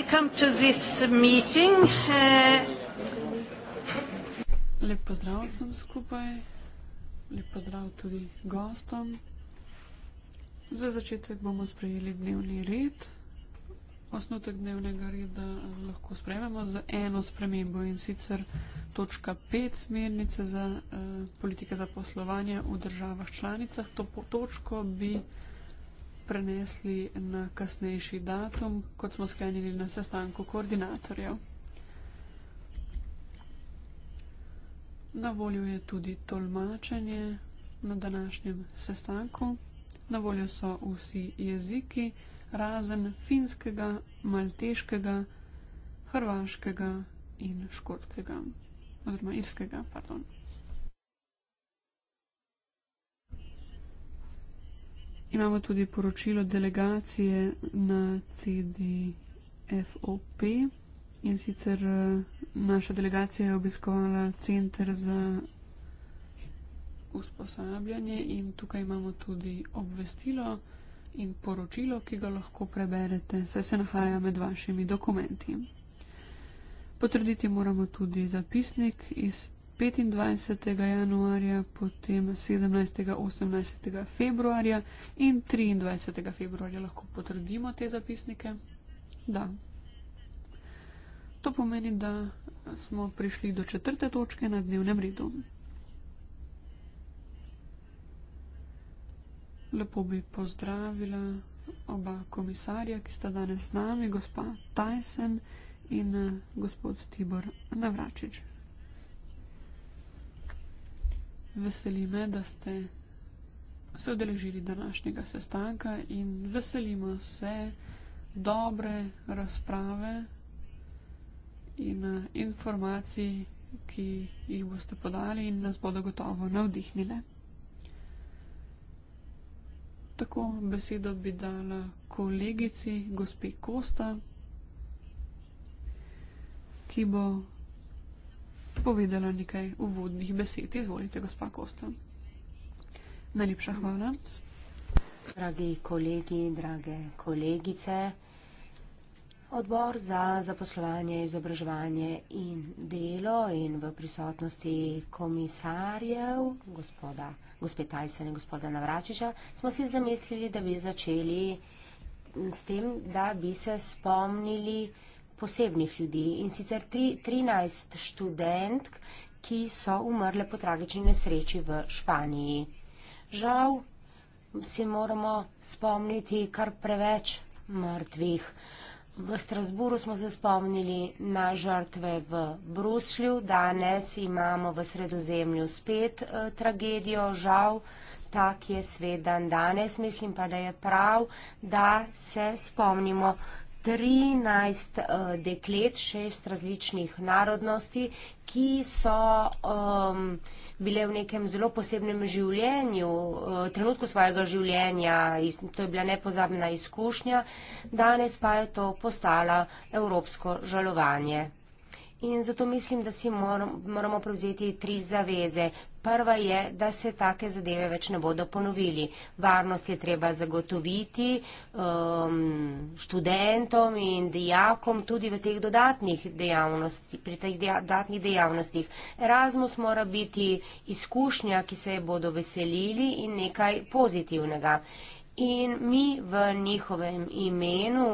Welcome to this meeting. Uh, Lep pozdrav vsem skupaj. Lep pozdrav tudi gostom. Za začetek bomo sprejeli dnevni red. Osnutek dnevnega reda lahko sprejmemo z eno spremembo in sicer točka 5 smernice za eh, politike za poslovanje v državah članicah. To točko bi prenesli na kasnejši datum, kot smo sklenili na sestanku koordinatorjev. Na voljo je tudi tolmačenje na današnjem sestanku. Na voljo so vsi jeziki, razen finskega, maltežkega, hrvaškega in škotkega, oziroma irskega, pardon. Imamo tudi poročilo delegacije na CDFOP in sicer eh, naša delegacija je obiskovala center za usposabljanje in tukaj imamo tudi obvestilo in poročilo, ki ga lahko preberete, saj se nahaja med vašimi dokumenti. Potrditi moramo tudi zapisnik iz 25. januarja, potem 17. in 18. februarja in 23. februarja lahko potrdimo te zapisnike. Da. To pomeni, da smo prišli do četrte točke na dnevnem redu. Lepo bi pozdravila oba komisarja, ki sta danes z nami, gospa Tyson in eh, gospod Tibor Navračič. Veseli me, da ste se odeležili današnjega sestanka in veselimo se dobre razprave in eh, informacij, ki jih boste podali in nas bodo gotovo navdihnile. Tako besedo bi dala kolegici, gospe Kosta, ki bo povedala nekaj uvodnih besed. Izvolite, gospa Kosta. Najlepša hvala. Dragi kolegi, drage kolegice, odbor za zaposlovanje, izobraževanje in delo in v prisotnosti komisarjev, gospoda, gospe Tajsen in gospoda Navračiša, smo si zamislili, da bi začeli s tem, da bi se spomnili, posebnih ljudi in sicer tri, 13 študentk, ki so umrle po tragični nesreči v Španiji. Žal si moramo spomniti kar preveč mrtvih. V Strasburu smo se spomnili na žrtve v Bruslju, danes imamo v sredozemlju spet e, tragedijo, žal tak je svet dan danes, mislim pa, da je prav, da se spomnimo. 13 uh, eh, deklet, 6 različnih narodnosti, ki so um, bile v nekem zelo posebnem življenju, uh, trenutku svojega življenja, iz, to je bila nepozabna izkušnja, danes pa je to postala evropsko žalovanje. In zato mislim, da si moramo prevzeti tri zaveze. Prva je, da se take zadeve več ne bodo ponovili. Varnost je treba zagotoviti um, študentom in dijakom tudi v teh dodatnih dejavnostih, pri teh dodatnih dejavnostih. Erasmus mora biti izkušnja, ki se je bodo veselili in nekaj pozitivnega. In mi v njihovem imenu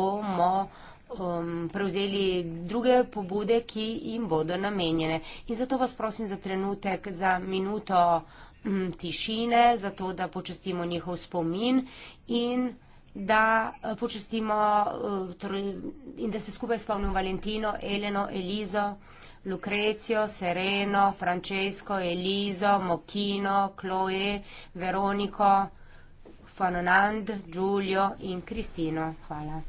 bomo. Uh, um, prevzeli druge pobude, ki jim bodo namenjene. In zato vas prosim za trenutek, za minuto um, tišine, za to, da počestimo njihov spomin in da uh, počestimo uh, torej, in da se skupaj spomnimo Valentino, Eleno, Elizo, Lucrecio, Sereno, Francesco, Elizo, Mokino, Chloe, Veroniko, Fanonand, Giulio in Kristino. Hvala.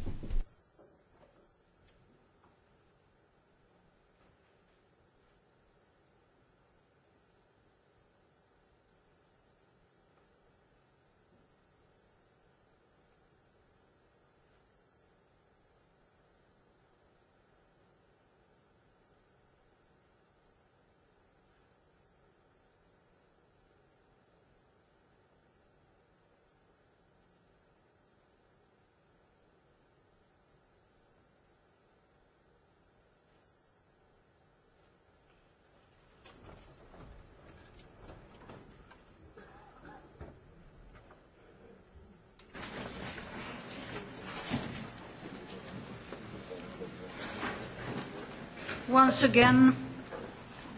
Once again,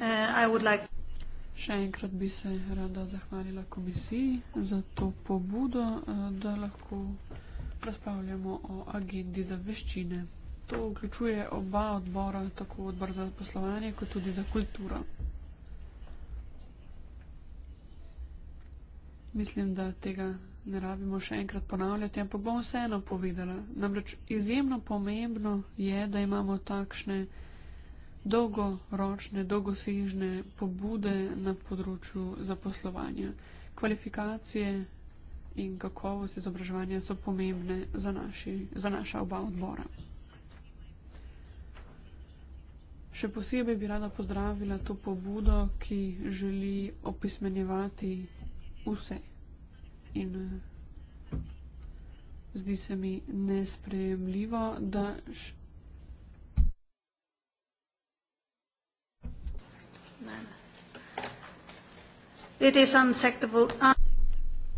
uh, I would like Še enkrat bi se rada zahvalila komisiji za to pobudo, eh, da lahko razpravljamo o agendi za veščine. To vključuje oba odbora, tako odbor za poslovanje, kot tudi za kulturo. Mislim, da tega ne rabimo še enkrat ponavljati, ampak bom vseeno povedala. Namreč izjemno pomembno je, da imamo takšne dolgoročne, dolgosežne pobude na področju zaposlovanja. Kvalifikacije in kakovost izobraževanja so pomembne za, naši, za naša oba odbora. Še posebej bi rada pozdravila to pobudo, ki želi opismenjevati vse. In eh, zdi se mi nesprejemljivo, da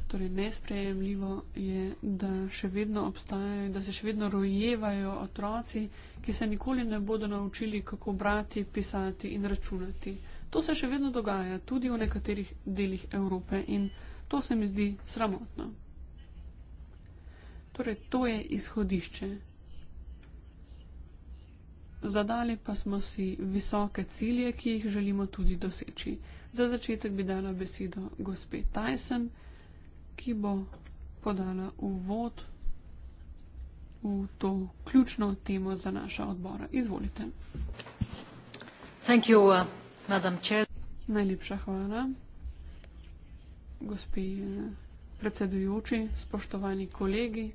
Torej, nesprejemljivo je, da še vedno obstajajo, da se še vedno rojevajo otroci, ki se nikoli ne bodo naučili, kako brati, pisati in računati. To se še vedno dogaja tudi v nekaterih delih Evrope in to se mi zdi sramotno. Torej, to je izhodišče zadali pa smo si visoke cilje, ki jih želimo tudi doseči. Za začetek bi dala besedo gospe Tyson, ki bo podala uvod v to ključno temo za naša odbora. Izvolite. You, uh, Najlepša hvala. Gospe uh, predsedujoči, spoštovani kolegi,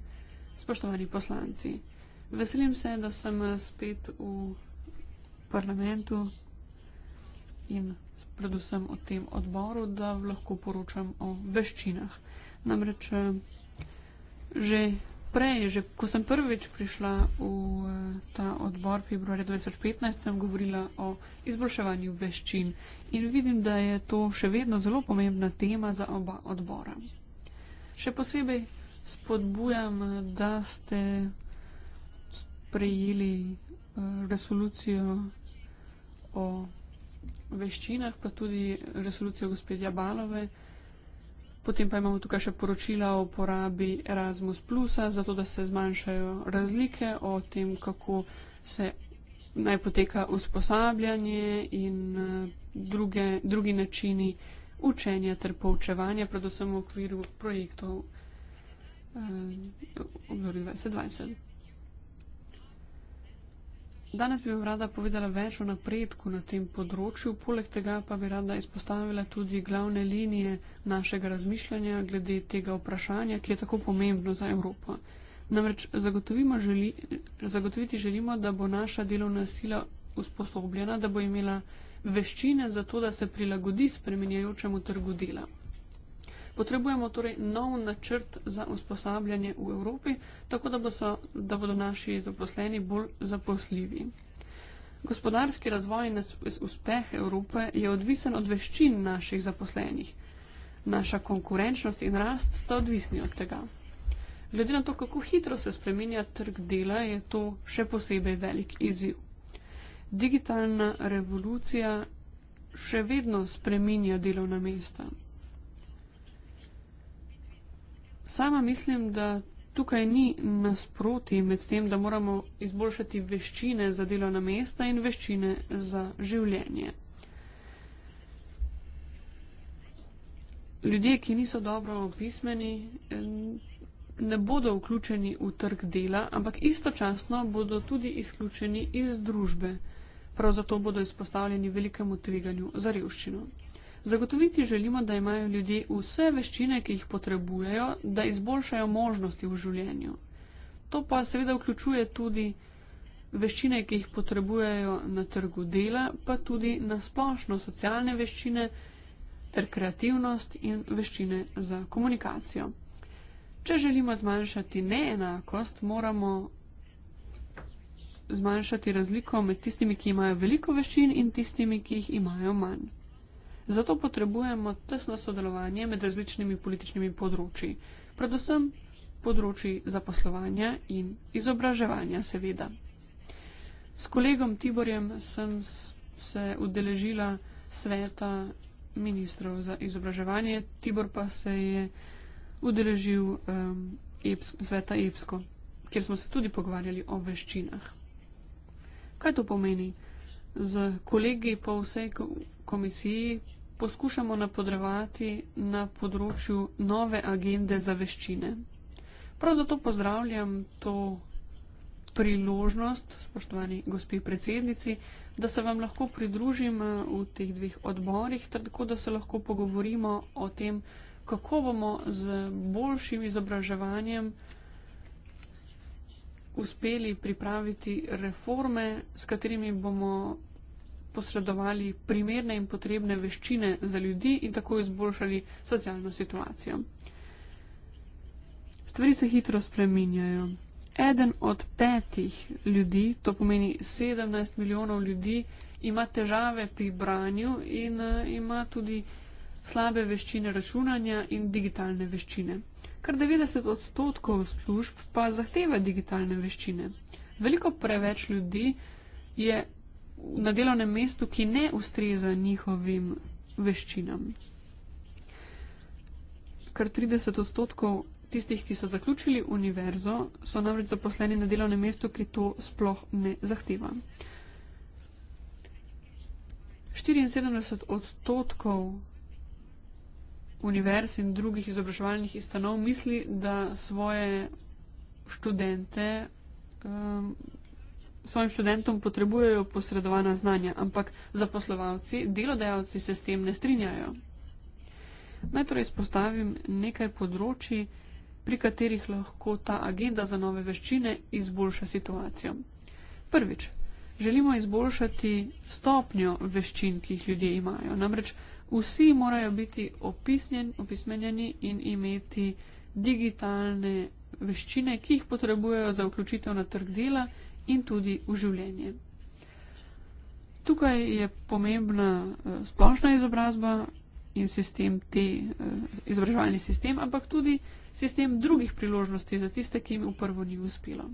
spoštovani poslanci. Veselim se, da sem eh, spet v parlamentu in predvsem o tem odboru, da lahko poročam o veščinah. Namreč eh, že prej, že ko sem prvič prišla v eh, ta odbor februarja 2015, sem govorila o izboljševanju veščin in vidim, da je to še vedno zelo pomembna tema za oba odbora. Še posebej spodbujam, da ste sprejeli eh, resolucijo o veščinah, pa tudi resolucijo gospe Jabalove. Potem pa imamo tukaj še poročila o uporabi Erasmus Plusa, zato da se zmanjšajo razlike o tem, kako se naj poteka usposabljanje in eh, druge, drugi načini učenja ter poučevanja, predvsem v okviru projektov eh, 2020. Danes bi vam rada povedala več o napredku na tem področju, poleg tega pa bi rada izpostavila tudi glavne linije našega razmišljanja glede tega vprašanja, ki je tako pomembno za Evropo. Namreč želi, zagotoviti želimo, da bo naša delovna sila usposobljena, da bo imela veščine za to, da se prilagodi spremenjajočemu trgu dela. Potrebujemo torej nov načrt za usposabljanje v Evropi, tako da, bo so, da bodo naši zaposleni bolj zaposljivi. Gospodarski razvoj in uspeh Evrope je odvisen od veščin naših zaposlenih. Naša konkurenčnost in rast sta odvisni od tega. Glede na to, kako hitro se spreminja trg dela, je to še posebej velik izziv. Digitalna revolucija še vedno spreminja delovna mesta. Sama mislim, da tukaj ni nasproti med tem, da moramo izboljšati veščine za delovna mesta in veščine za življenje. Ljudje, ki niso dobro opismeni, ne bodo vključeni v trg dela, ampak istočasno bodo tudi izključeni iz družbe. Prav zato bodo izpostavljeni velikemu tveganju za revščino. Zagotoviti želimo, da imajo ljudje vse veščine, ki jih potrebujejo, da izboljšajo možnosti v življenju. To pa seveda vključuje tudi veščine, ki jih potrebujejo na trgu dela, pa tudi na splošno socialne veščine ter kreativnost in veščine za komunikacijo. Če želimo zmanjšati neenakost, moramo zmanjšati razliko med tistimi, ki imajo veliko veščin in tistimi, ki jih imajo manj. Zato potrebujemo tesno sodelovanje med različnimi političnimi področji, predvsem področji zaposlovanja in izobraževanja, seveda. S kolegom Tiborjem sem se udeležila sveta ministrov za izobraževanje, Tibor pa se je udeležil um, Epsko, sveta EPSKO, kjer smo se tudi pogovarjali o veščinah. Kaj to pomeni? Z kolegi po vsej komisiji poskušamo napodrevati na področju nove agende za veščine. Prav zato pozdravljam to priložnost, spoštovani gospi predsednici, da se vam lahko pridružim eh, v teh dveh odborih, tako da se lahko pogovorimo o tem, kako bomo z boljšim izobraževanjem uspeli pripraviti reforme, s katerimi bomo posredovali primerne in potrebne veščine za ljudi in tako izboljšali socialno situacijo. Stvari se hitro spreminjajo. Eden od petih ljudi, to pomeni 17 milijonov ljudi, ima težave pri branju in uh, ima tudi slabe veščine računanja in digitalne veščine. Kar 90 odstotkov služb pa zahteva digitalne veščine. Veliko preveč ljudi je na delovnem mestu, ki ne ustreza njihovim veščinam. Kar 30 odstotkov tistih, ki so zaključili univerzo, so namreč zaposleni na delovnem mestu, ki to sploh ne zahteva. 74 odstotkov univerz in drugih izobraževalnih istanov misli, da svoje študente um, svojim študentom potrebujejo posredovana znanja, ampak zaposlovalci, delodajalci se s tem ne strinjajo. Naj torej izpostavim nekaj področji, pri katerih lahko ta agenda za nove veščine izboljša situacijo. Prvič, želimo izboljšati stopnjo veščin, ki jih ljudje imajo. Namreč vsi morajo biti opisnjen, opismenjeni in imeti digitalne veščine, ki jih potrebujejo za vključitev na trg dela in tudi v življenje. Tukaj je pomembna eh, splošna izobrazba in sistem te, eh, izobraževalni sistem, ampak tudi sistem drugih priložnosti za tiste, ki jim v prvo ni uspelo.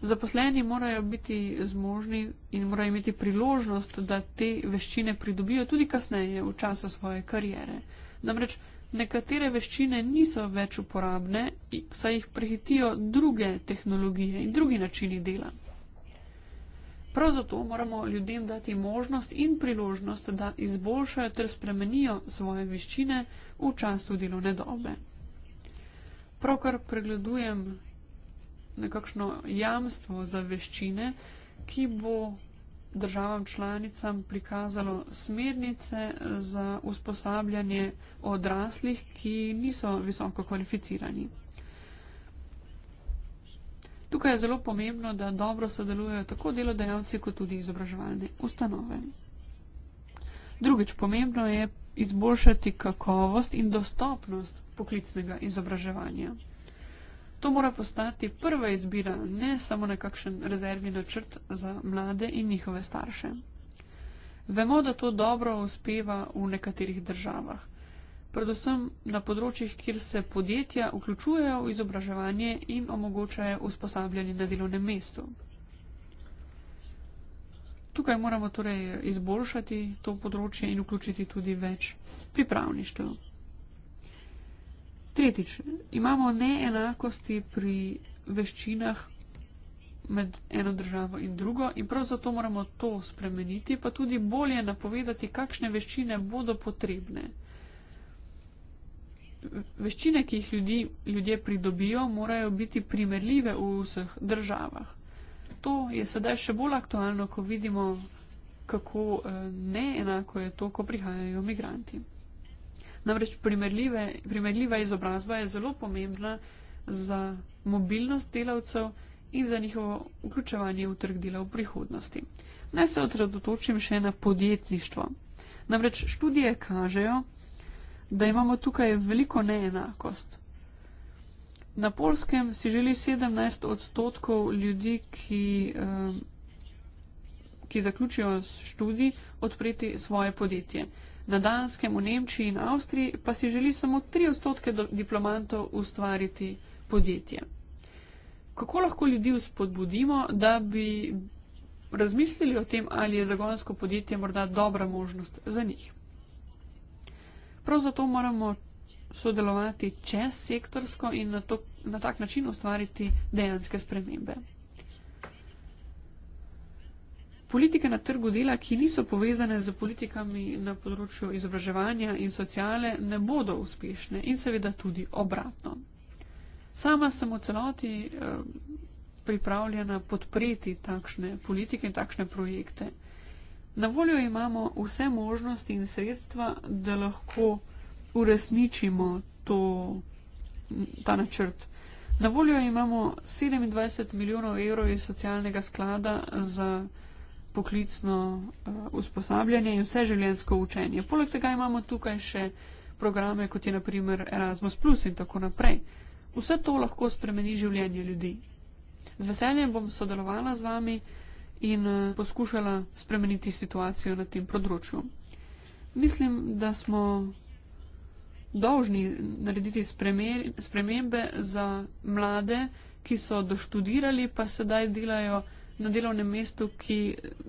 Zaposleni morajo biti zmožni in morajo imeti priložnost, da te veščine pridobijo tudi kasneje v času svoje karijere. Namreč nekatere veščine niso več uporabne, saj jih prehitijo druge tehnologije in drugi načini dela. Prav zato moramo ljudem dati možnost in priložnost, da izboljšajo ter spremenijo svoje veščine v času delovne dobe. Pravkar pregledujem nekakšno jamstvo za veščine, ki bo državam članicam prikazalo smernice za usposabljanje odraslih, ki niso visoko kvalificirani. Tukaj je zelo pomembno, da dobro sodelujejo tako delodajalci kot tudi izobraževalne ustanove. Drugič, pomembno je izboljšati kakovost in dostopnost poklicnega izobraževanja. To mora postati prva izbira, ne samo nekakšen rezervni načrt za mlade in njihove starše. Vemo, da to dobro uspeva v nekaterih državah, predvsem na področjih, kjer se podjetja vključujejo v izobraževanje in omogočajo usposabljanje na delovnem mestu. Tukaj moramo torej izboljšati to področje in vključiti tudi več pripravništev. Tretjič, imamo neenakosti pri veščinah med eno državo in drugo in prav zato moramo to spremeniti, pa tudi bolje napovedati, kakšne veščine bodo potrebne. Veščine, ki jih ljudi, ljudje pridobijo, morajo biti primerljive v vseh državah. To je sedaj še bolj aktualno, ko vidimo, kako eh, neenako je to, ko prihajajo migranti. Namreč primerljiva izobrazba je zelo pomembna za mobilnost delavcev in za njihovo vključevanje v trg dela v prihodnosti. Naj se osredotočim še na podjetništvo. Namreč študije kažejo, da imamo tukaj veliko neenakost. Na polskem si želi 17 odstotkov ljudi, ki, eh, ki zaključijo študij, odpreti svoje podjetje na Danskem, v Nemčiji in Avstriji pa si želi samo 3 odstotke diplomantov ustvariti podjetje. Kako lahko ljudi spodbudimo, da bi razmislili o tem, ali je zagonsko podjetje morda dobra možnost za njih? Prav zato moramo sodelovati čez sektorsko in na, to, na tak način ustvariti dejanske spremembe politike na trgu dela, ki niso povezane z politikami na področju izobraževanja in sociale, ne bodo uspešne in seveda tudi obratno. Sama sem v celoti eh, pripravljena podpreti takšne politike in takšne projekte. Na voljo imamo vse možnosti in sredstva, da lahko uresničimo to, ta načrt. Na voljo imamo 27 milijonov evrov iz socialnega sklada za poklicno uh, usposabljanje in vse življensko učenje. Poleg tega imamo tukaj še programe, kot je naprimer Erasmus, in tako naprej. Vse to lahko spremeni življenje ljudi. Z veseljem bom sodelovala z vami in uh, poskušala spremeniti situacijo na tem področju. Mislim, da smo dolžni narediti spremembe za mlade, ki so doštudirali, pa sedaj delajo na delovnem mestu, ki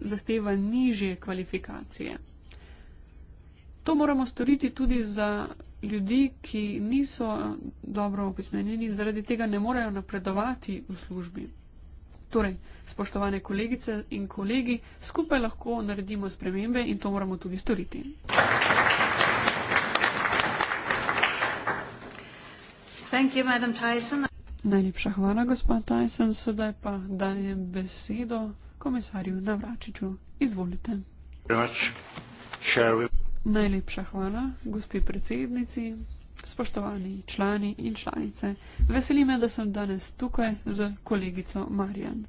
zahteva nižje kvalifikacije. To moramo storiti tudi za ljudi, ki niso dobro opismenjeni in zaradi tega ne morejo napredovati v službi. Torej, spoštovane kolegice in kolegi, skupaj lahko naredimo spremembe in to moramo tudi storiti. Thank you, Madam Tyson. Najlepša hvala, gospod Tyson. Sedaj pa dajem besedo komisarju Navračiču. Izvolite. Najlepša hvala, gospi predsednici, spoštovani člani in članice. Veseli me, da sem danes tukaj z kolegico Marjan.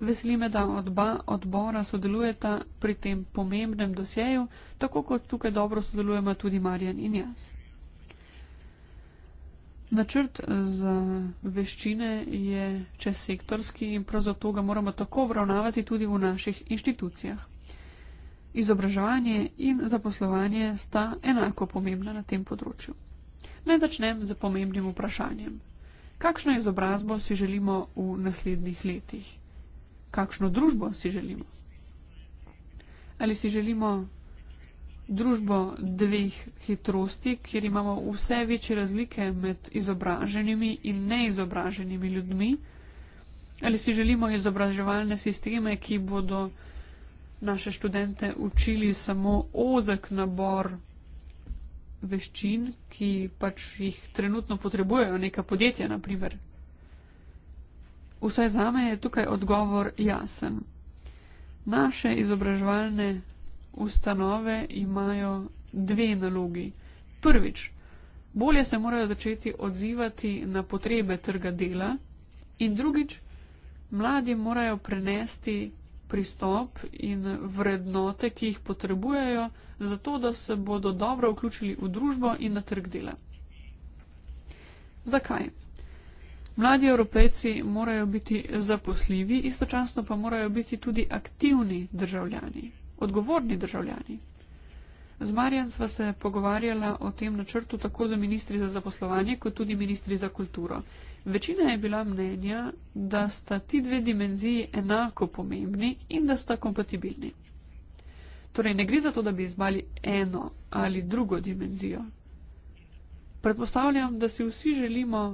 Veseli me, da odba, odbora sodelujeta pri tem pomembnem dosjeju, tako kot tukaj dobro sodelujemo tudi Marjan in jaz. Načrt za veščine je čezsektorski in prav zato ga moramo tako obravnavati tudi v naših inštitucijah. Izobraževanje in zaposlovanje sta enako pomembna na tem področju. Naj začnem z pomembnim vprašanjem. Kakšno izobrazbo si želimo v naslednjih letih? Kakšno družbo si želimo? Ali si želimo družbo dveh hitrosti, kjer imamo vse večje razlike med izobraženimi in neizobraženimi ljudmi, ali si želimo izobraževalne sisteme, ki bodo naše študente učili samo ozek nabor veščin, ki pač jih trenutno potrebujejo neka podjetja, naprimer. Vsaj zame je tukaj odgovor jasen. Naše izobraževalne ustanove imajo dve nalogi. Prvič, bolje se morajo začeti odzivati na potrebe trga dela in drugič, mladi morajo prenesti pristop in vrednote, ki jih potrebujejo, zato da se bodo dobro vključili v družbo in na trg dela. Zakaj? Mladi evropejci morajo biti zaposljivi, istočasno pa morajo biti tudi aktivni državljani odgovorni državljani. Z Marjan sva se pogovarjala o tem načrtu tako za ministri za zaposlovanje, kot tudi ministri za kulturo. Večina je bila mnenja, da sta ti dve dimenziji enako pomembni in da sta kompatibilni. Torej, ne gre za to, da bi izbali eno ali drugo dimenzijo. Predpostavljam, da si vsi želimo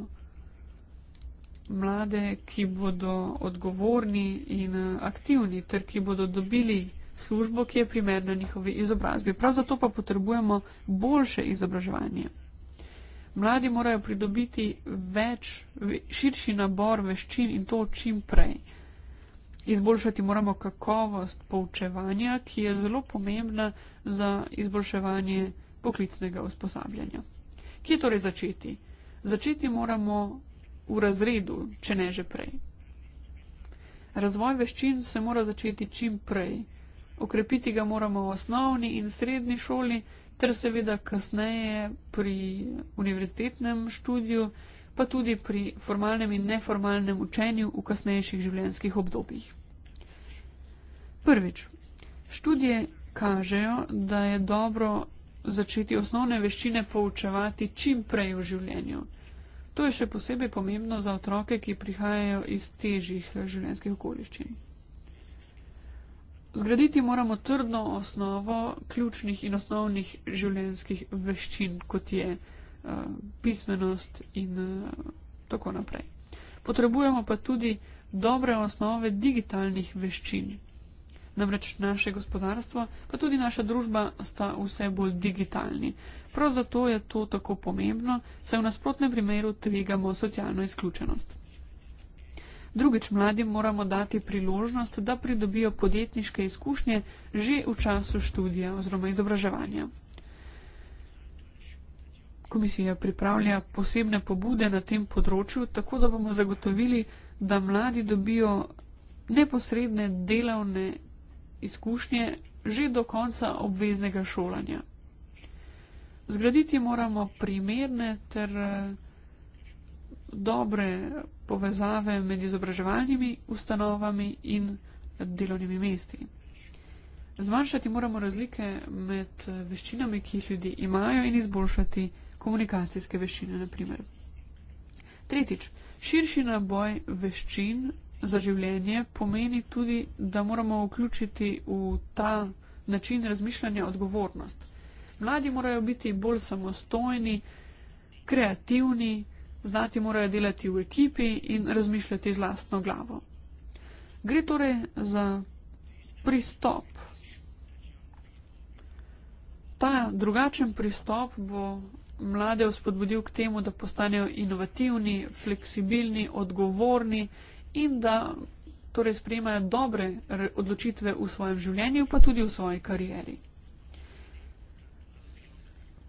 mlade, ki bodo odgovorni in aktivni, ter ki bodo dobili službo, ki je primerna njihovi izobrazbi. Prav zato pa potrebujemo boljše izobraževanje. Mladi morajo pridobiti več, širši nabor veščin in to čim prej. Izboljšati moramo kakovost poučevanja, ki je zelo pomembna za izboljševanje poklicnega usposabljanja. Kje torej začeti? Začeti moramo v razredu, če ne že prej. Razvoj veščin se mora začeti čim prej okrepiti ga moramo v osnovni in srednji šoli, ter seveda kasneje pri univerzitetnem študiju, pa tudi pri formalnem in neformalnem učenju v kasnejših življenjskih obdobjih. Prvič, študije kažejo, da je dobro začeti osnovne veščine poučevati čim prej v življenju. To je še posebej pomembno za otroke, ki prihajajo iz težjih življenjskih okoliščin. Zgraditi moramo trdno osnovo ključnih in osnovnih življenjskih veščin, kot je uh, pismenost in uh, tako naprej. Potrebujemo pa tudi dobre osnove digitalnih veščin. Namreč naše gospodarstvo, pa tudi naša družba sta vse bolj digitalni. Prav zato je to tako pomembno, saj v nasprotnem primeru tvegamo socialno izključenost. Drugič, mladim moramo dati priložnost, da pridobijo podjetniške izkušnje že v času študija oziroma izobraževanja. Komisija pripravlja posebne pobude na tem področju, tako da bomo zagotovili, da mladi dobijo neposredne delovne izkušnje že do konca obveznega šolanja. Zgraditi moramo primerne ter. Eh, dobre povezave med izobraževalnimi ustanovami in delovnimi mesti. Zmanjšati moramo razlike med veščinami, ki jih ljudje imajo in izboljšati komunikacijske veščine, naprimer. Tretjič, širši naboj veščin za življenje pomeni tudi, da moramo vključiti v ta način razmišljanja odgovornost. Mladi morajo biti bolj samostojni, kreativni, znati morajo delati v ekipi in razmišljati z lastno glavo. Gre torej za pristop. Ta drugačen pristop bo mlade vzpodbudil k temu, da postanejo inovativni, fleksibilni, odgovorni in da torej sprejemajo dobre odločitve v svojem življenju, pa tudi v svoji karieri.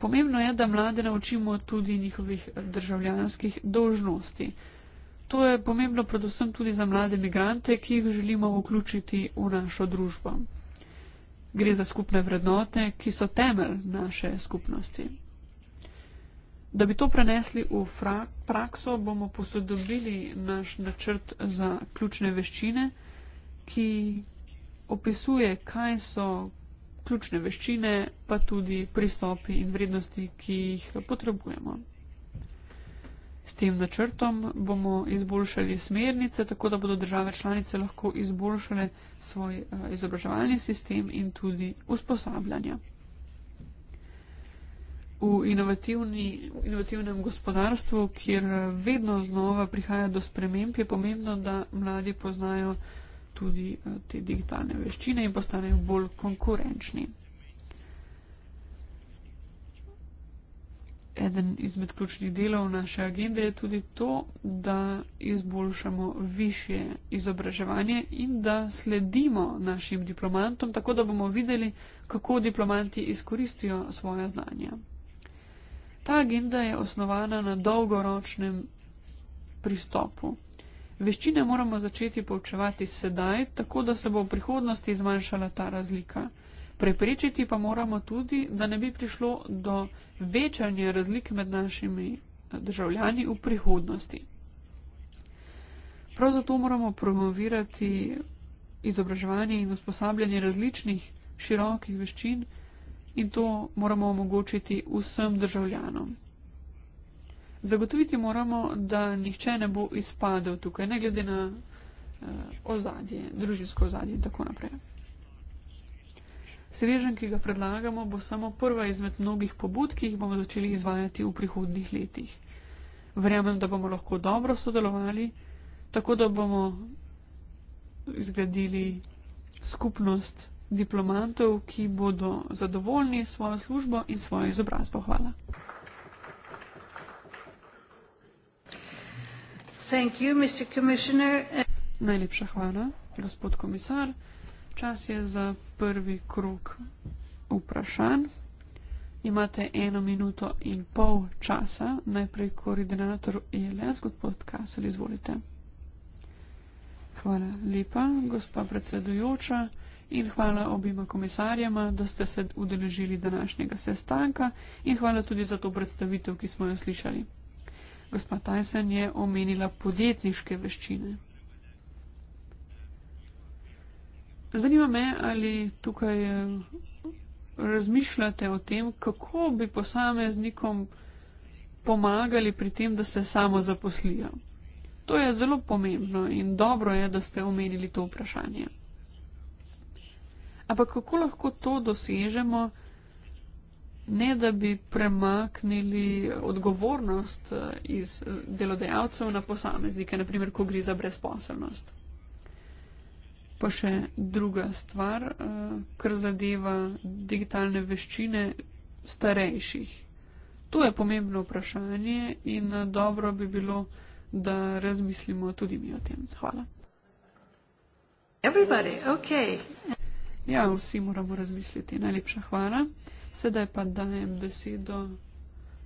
Pomembno je, da mlade naučimo tudi njihovih državljanskih dolžnosti. To je pomembno predvsem tudi za mlade migrante, ki jih želimo vključiti v našo družbo. Gre za skupne vrednote, ki so temelj naše skupnosti. Da bi to prenesli v prakso, bomo posodobili naš načrt za ključne veščine, ki opisuje, kaj so ključne veščine, pa tudi pristopi in vrednosti, ki jih potrebujemo. S tem načrtom bomo izboljšali smernice, tako da bodo države članice lahko izboljšale svoj eh, izobraževalni sistem in tudi usposabljanja. V inovativnem gospodarstvu, kjer eh, vedno znova prihaja do sprememb, je pomembno, da mladi poznajo tudi eh, te digitalne veščine in postanejo bolj konkurenčni. Eden izmed ključnih delov naše agende je tudi to, da izboljšamo više izobraževanje in da sledimo našim diplomantom, tako da bomo videli, kako diplomanti izkoristijo svoje znanja. Ta agenda je osnovana na dolgoročnem pristopu. Veščine moramo začeti poučevati sedaj, tako da se bo v prihodnosti zmanjšala ta razlika. Preprečiti pa moramo tudi, da ne bi prišlo do večanja razlik med našimi državljani v prihodnosti. Prav zato moramo promovirati izobraževanje in usposabljanje različnih širokih veščin in to moramo omogočiti vsem državljanom. Zagotoviti moramo, da nihče ne bo izpadel tukaj, ne glede na eh, ozadje, družinsko ozadje in tako naprej. Svežen, ki ga predlagamo, bo samo prva izmed mnogih pobud, ki jih bomo začeli izvajati v prihodnih letih. Verjamem, da bomo lahko dobro sodelovali, tako da bomo izgradili skupnost diplomantov, ki bodo zadovoljni s svojo službo in svojo izobrazbo. Hvala. Thank you, Mr. Commissioner. Najlepša hvala, gospod komisar. Čas je za prvi krok vprašanj. Imate eno minuto in pol časa. Najprej koordinator ELS, gospod Kasel, izvolite. Hvala lepa, gospa predsedujoča. In hvala obima komisarjama, da ste se udeležili današnjega sestanka in hvala tudi za to predstavitev, ki smo jo slišali. Gospa Tyson je omenila podjetniške veščine. Zanima me, ali tukaj eh, razmišljate o tem, kako bi posameznikom pomagali pri tem, da se samo zaposlijo. To je zelo pomembno in dobro je, da ste omenili to vprašanje. Ampak kako lahko to dosežemo? ne da bi premaknili odgovornost eh, iz delodajalcev na posameznike, naprimer, ko gre za brezposelnost. Pa še druga stvar, eh, kar zadeva digitalne veščine starejših. To je pomembno vprašanje in eh, dobro bi bilo, da razmislimo tudi mi o tem. Hvala. Everybody, okay. Ja, vsi moramo razmisliti. Najlepša hvala. Sedaj pa dajem besedo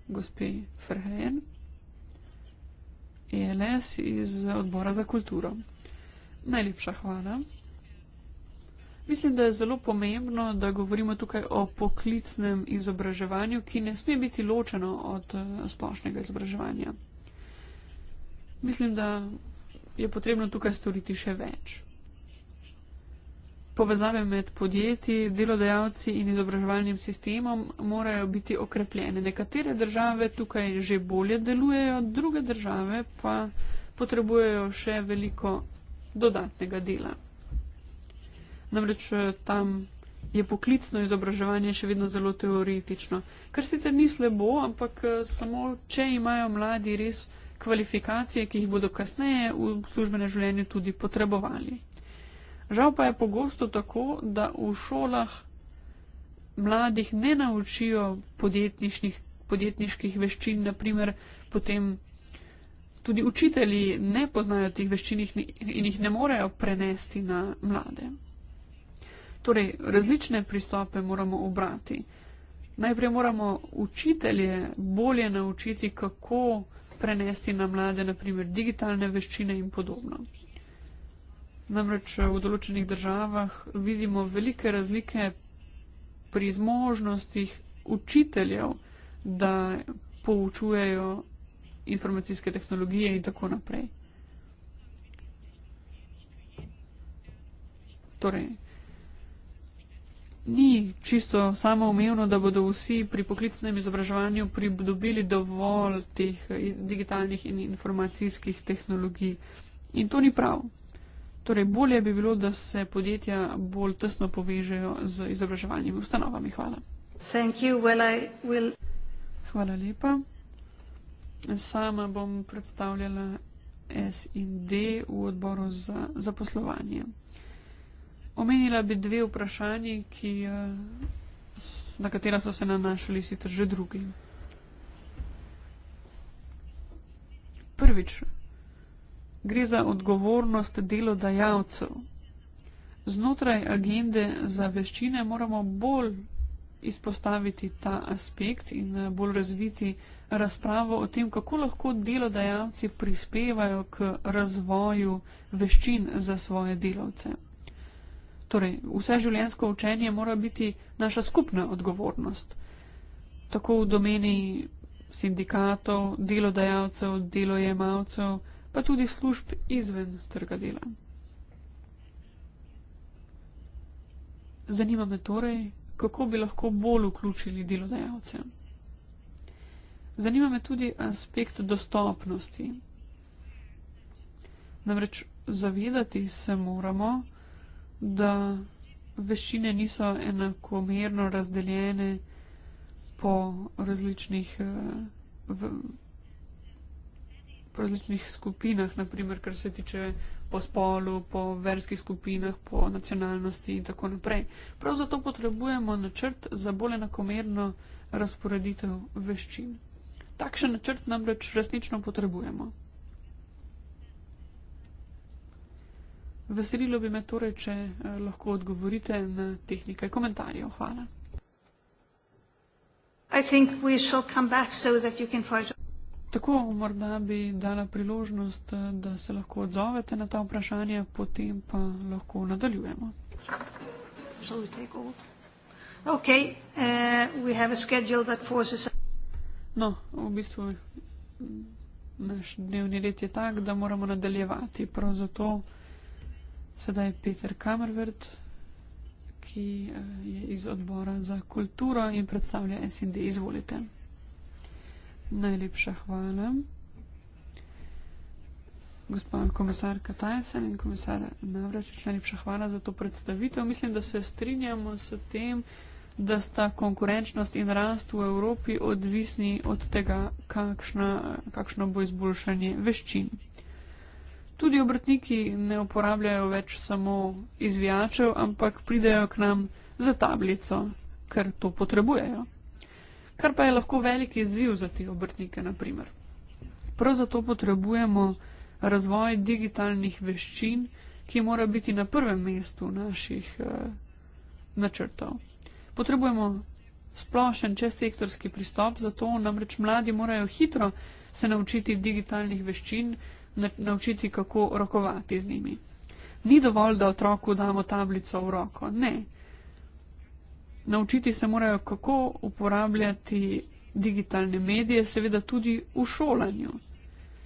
gospe Ferhejen, ELS iz Odbora za kulturo. Najlepša hvala. Mislim, da je zelo pomembno, da govorimo tukaj o poklicnem izobraževanju, ki ne sme biti ločeno od eh, splošnega izobraževanja. Mislim, da je potrebno tukaj storiti še več. Povezave med podjetji, delodajalci in izobraževalnim sistemom morajo biti okrepljene. Nekatere države tukaj že bolje delujejo, druge države pa potrebujejo še veliko dodatnega dela. Namreč eh, tam je poklicno izobraževanje še vedno zelo teoretično, kar sicer ni slabo, ampak eh, samo, če imajo mladi res kvalifikacije, ki jih bodo kasneje v službene življenje tudi potrebovali. Žal pa je pogosto tako, da v šolah mladih ne naučijo podjetniških veščin, naprimer potem tudi učitelji ne poznajo teh veščin in jih ne morejo prenesti na mlade. Torej, različne pristope moramo obrati. Najprej moramo učitelje bolje naučiti, kako prenesti na mlade, naprimer digitalne veščine in podobno. Namreč v določenih državah vidimo velike razlike pri zmožnostih učiteljev, da poučujejo informacijske tehnologije in tako naprej. Torej, ni čisto samoumevno, da bodo vsi pri poklicnem izobraževanju pridobili dovolj teh digitalnih in informacijskih tehnologij. In to ni prav. Torej, bolje bi bilo, da se podjetja bolj tesno povežejo z izobraževalnimi ustanovami. Hvala. Hvala lepa. Sama bom predstavljala SND v odboru za zaposlovanje. Omenila bi dve vprašanji, ki, eh, na katera so se nanašali sicer že drugi. Prvič, gre za odgovornost delodajalcev. Znotraj agende za veščine moramo bolj izpostaviti ta aspekt in eh, bolj razviti razpravo o tem, kako lahko delodajalci prispevajo k razvoju veščin za svoje delavce. Torej, vse življensko učenje mora biti naša skupna odgovornost. Tako v domeni sindikatov, delodajalcev, delojemalcev, pa tudi služb izven trga dela. Zanima me torej, kako bi lahko bolj vključili delodajalce. Zanima me tudi aspekt dostopnosti. Namreč zavedati se moramo, da veščine niso enakomerno razdeljene po različnih eh, v, po različnih skupinah, naprimer, kar se tiče po spolu, po verskih skupinah, po nacionalnosti in tako naprej. Prav zato potrebujemo načrt za bolj enakomerno razporeditev veščin. Takšen načrt namreč resnično potrebujemo. Veselilo bi me torej, če eh, lahko odgovorite na teh nekaj komentarjev. Hvala. I think we shall come back so that you can fight. Tako, morda bi dala priložnost, eh, da se lahko odzovete na ta vprašanja, potem pa lahko nadaljujemo. Eh, no, v bistvu mm, naš dnevni red je tak, da moramo nadaljevati. Prav zato sedaj je Peter Kamervert, ki eh, je iz odbora za kulturo in predstavlja SND. Izvolite. Najlepša hvala. Gospa komisarka Tajsen in komisar Navračič, najlepša hvala za to predstavitev. Mislim, da se strinjamo s tem, da sta konkurenčnost in rast v Evropi odvisni od tega, kakšna, kakšno bo izboljšanje veščin. Tudi obrtniki ne uporabljajo več samo izvijačev, ampak pridejo k nam za tablico, ker to potrebujejo kar pa je lahko veliki izziv za te obrtnike. Naprimer. Prav zato potrebujemo razvoj digitalnih veščin, ki mora biti na prvem mestu naših eh, načrtov. Potrebujemo splošen čezsektorski pristop, zato namreč mladi morajo hitro se naučiti digitalnih veščin, na, naučiti, kako rokovati z njimi. Ni dovolj, da otroku damo tablico v roko. Ne, Naučiti se morajo, kako uporabljati digitalne medije, seveda tudi v šolanju.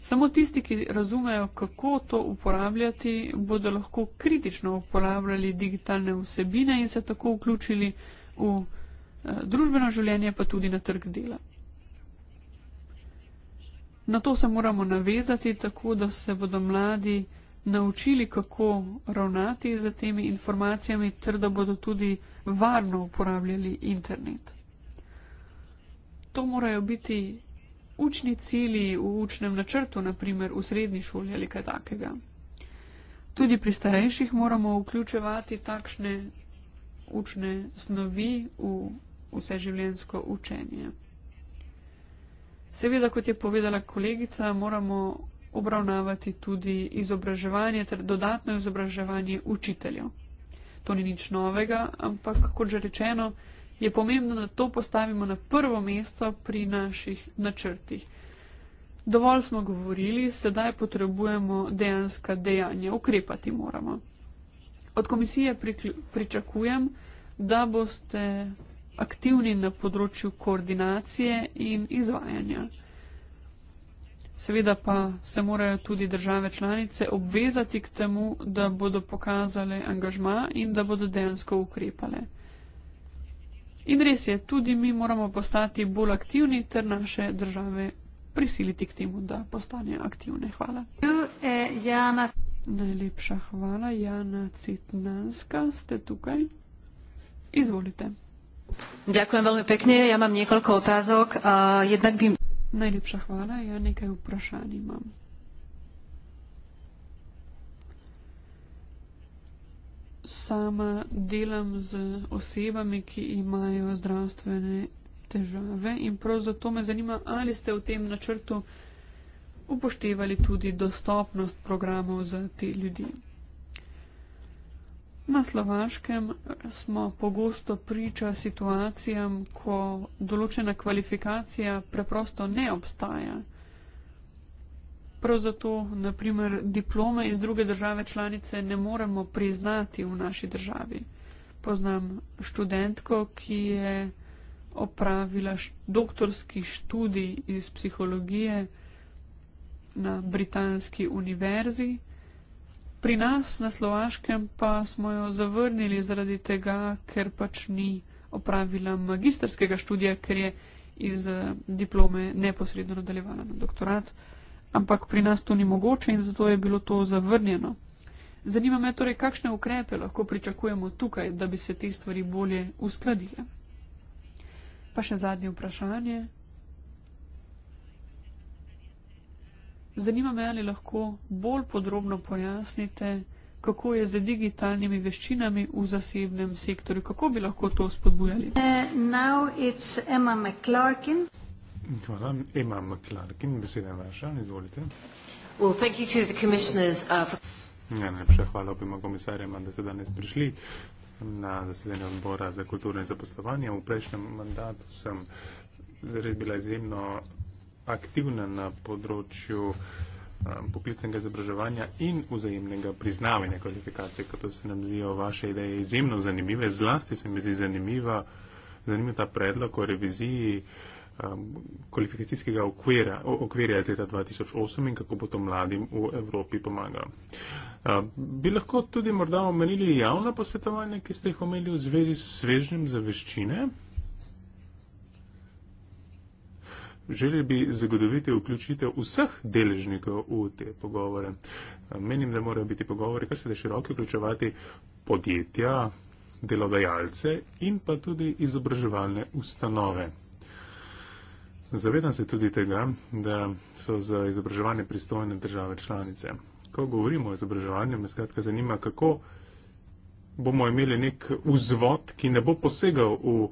Samo tisti, ki razumejo, kako to uporabljati, bodo lahko kritično uporabljali digitalne vsebine in se tako vključili v eh, družbeno življenje, pa tudi na trg dela. Na to se moramo navezati, tako da se bodo mladi naučili, kako ravnati z temi informacijami, ter da bodo tudi varno uporabljali internet. To morajo biti učni cilji v učnem načrtu, naprimer v srednji šoli ali kaj takega. Tudi pri starejših moramo vključevati takšne učne snovi v vseživljensko učenje. Seveda, kot je povedala kolegica, moramo obravnavati tudi izobraževanje ter dodatno izobraževanje učiteljev. To ni nič novega, ampak kot že rečeno, je pomembno, da to postavimo na prvo mesto pri naših načrtih. Dovolj smo govorili, sedaj potrebujemo dejanska dejanja, ukrepati moramo. Od komisije pričakujem, da boste aktivni na področju koordinacije in izvajanja. Seveda pa se morajo tudi države članice obvezati k temu, da bodo pokazale angažma in da bodo dejansko ukrepale. In res je, tudi mi moramo postati bolj aktivni ter naše države prisiliti k temu, da postanejo aktivne. Hvala. E, Najlepša hvala, Jana Citnanska, ste tukaj. Izvolite. Ďakujem veľmi pekne. Ja mám niekoľko otázok. Uh, jednak by Najlepša hvala, ja, nekaj vprašanj imam. Sama delam z osebami, ki imajo zdravstvene težave in prav zato me zanima, ali ste v tem načrtu upoštevali tudi dostopnost programov za te ljudi. Na Slovaškem smo pogosto priča situacijam, ko določena kvalifikacija preprosto ne obstaja. Prav zato, naprimer, diplome iz druge države članice ne moremo priznati v naši državi. Poznam študentko, ki je opravila doktorski študij iz psihologije na britanski univerzi. Pri nas na Slovaškem pa smo jo zavrnili zaradi tega, ker pač ni opravila magistrskega študija, ker je iz eh, diplome neposredno nadaljevala na doktorat. Ampak pri nas to ni mogoče in zato je bilo to zavrnjeno. Zanima me torej, kakšne ukrepe lahko pričakujemo tukaj, da bi se te stvari bolje uskladile. Pa še zadnje vprašanje. Zanima me, ali lahko bolj podrobno pojasnite, kako je z digitalnimi veščinami v zasebnem sektorju, kako bi lahko to spodbujali. Eh, hvala, Emma McClarkin, beseda je vaša, izvolite. Well, thank you to the commissioners. Uh, ja, najprej hvala obima komisarjama, da ste danes prišli na zasedanje odbora za kulturo in zaposlovanje. V prejšnjem mandatu sem zares bila izjemno aktivna na področju um, poklicnega izobraževanja in vzajemnega priznavanja kvalifikacij. Kot se nam zdijo vaše ideje izjemno zanimive, zlasti se mi zdi zanimiva, zanimiva ta predlog o reviziji um, kvalifikacijskega okvira, okvirja iz leta 2008 in kako bo to mladim v Evropi pomagalo. Um, bi lahko tudi morda omenili javna posvetovanja, ki ste jih omenili v zvezi s svežnjem za veščine? želeli bi zagotoviti vključitev vseh deležnikov v te pogovore. Menim, da morajo biti pogovori, kar se da široki, vključevati podjetja, delodajalce in pa tudi izobraževalne ustanove. Zavedam se tudi tega, da so za izobraževanje pristojne države članice. Ko govorimo o izobraževanju, me skratka zanima, kako bomo imeli nek vzvod, ki ne bo posegal v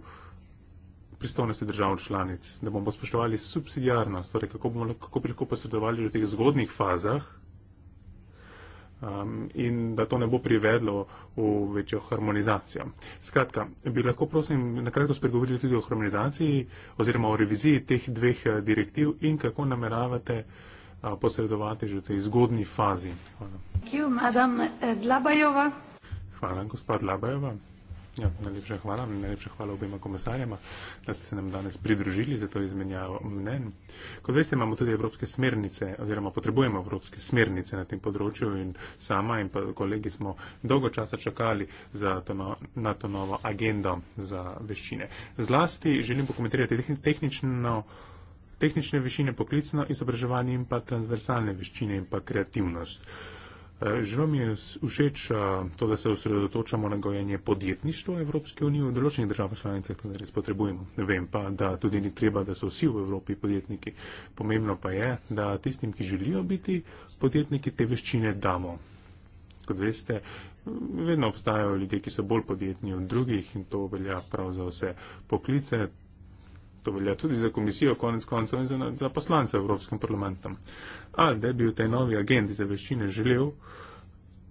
pristojnosti držav članic, da bomo spoštovali subsidijarnost, torej kako bomo kako bi lahko posredovali v teh zgodnih fazah um, in da to ne bo privedlo v večjo harmonizacijo. Skratka, bi lahko prosim nakratko spregovorili tudi o harmonizaciji oziroma o reviziji teh dveh eh, direktiv in kako nameravate a, eh, posredovati že v tej zgodnji fazi. Hvala. Thank you, eh, Hvala, gospod Labajeva. Ja, najlepša hvala. Najlepša hvala obema komisarjama, da ste se nam danes pridružili za to izmenjavo mnen. Kot veste, imamo tudi evropske smernice oziroma potrebujemo evropske smernice na tem področju in sama in pa kolegi smo dolgo časa čakali to no, na to novo agendo za veščine. Zlasti želim pokomentirati tehnično tehnične veščine poklicno izobraževanje in pa transversalne veščine in pa kreativnost. Uh, Eh, žal mi je všeč eh, to, da se osredotočamo na gojenje podjetništva Evropske unije v določenih državah članicah, kar res potrebujemo. Vem pa, da tudi ni treba, da so vsi v Evropi podjetniki. Pomembno pa je, da tistim, ki želijo biti podjetniki, te veščine damo. Kot veste, vedno obstajajo ljudje, ki so bolj podjetni od drugih in to velja prav za vse poklice to velja tudi za komisijo, konec koncev in za, za poslance v Evropskem parlamentu. Ali da bi v tej novi agendi za veščine želel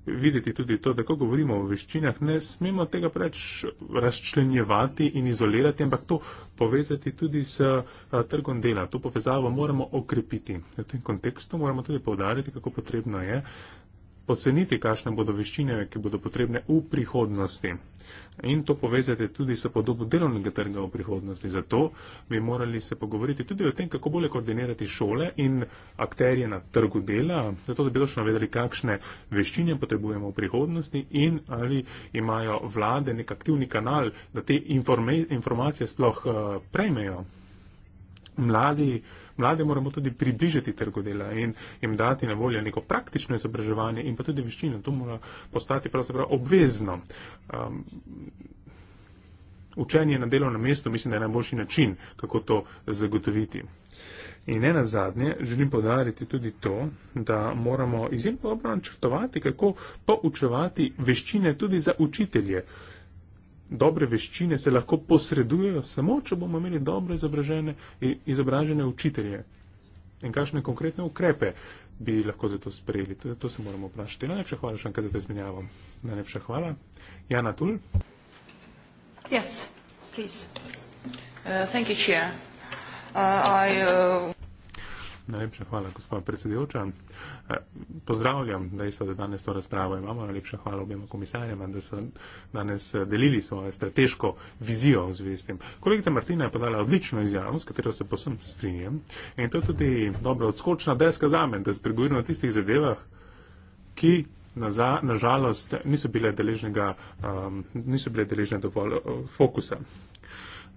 videti tudi to, da ko govorimo o veščinah, ne smemo tega preveč razčlenjevati in izolirati, ampak to povezati tudi s trgom dela. To povezavo moramo okrepiti. V tem kontekstu moramo tudi povdariti, kako potrebno je, oceniti, kakšne bodo veščine, ki bodo potrebne v prihodnosti. In to povezati tudi s podobo delovnega trga v prihodnosti. Zato bi morali se pogovoriti tudi o tem, kako bolje koordinirati šole in akterje na trgu dela, zato da bi točno vedeli, kakšne veščine potrebujemo v prihodnosti in ali imajo vlade nek aktivni kanal, da te informacije sploh eh, prejmejo. Mladi mlade moramo tudi približati trgu dela in jim dati na voljo neko praktično izobraževanje in pa tudi veščine. To mora postati pravzaprav obvezno. Um, učenje na delovnem mestu mislim, da je najboljši način, kako to zagotoviti. In ne na zadnje, želim podariti tudi to, da moramo izjemno dobro načrtovati, kako poučevati veščine tudi za učitelje. Uh, dobre veščine se lahko posredujejo samo, če bomo imeli dobro izobražene, izobražene učitelje. In kakšne konkretne ukrepe bi lahko za to sprejeli? To, to se moramo vprašati. Najlepša hvala, še enkrat za to izmenjavo. Najlepša hvala. Jana Tulj. Yes, uh, uh, uh... Najlepša hvala, gospod predsedujoča. Pozdravljam dejstvo, da danes to razpravo imamo. Najlepša hvala objema komisarjama, da so danes eh, delili svojo strateško vizijo v zvezi s tem. Kolegica Martina je podala odlično izjavo, s katero se posem strinjam. In to je tudi dobra odskočna deska za me, da spregovorim o tistih zadevah, ki. Nažalost, ehm, niso bile deležne um, dovolj uh, fokusa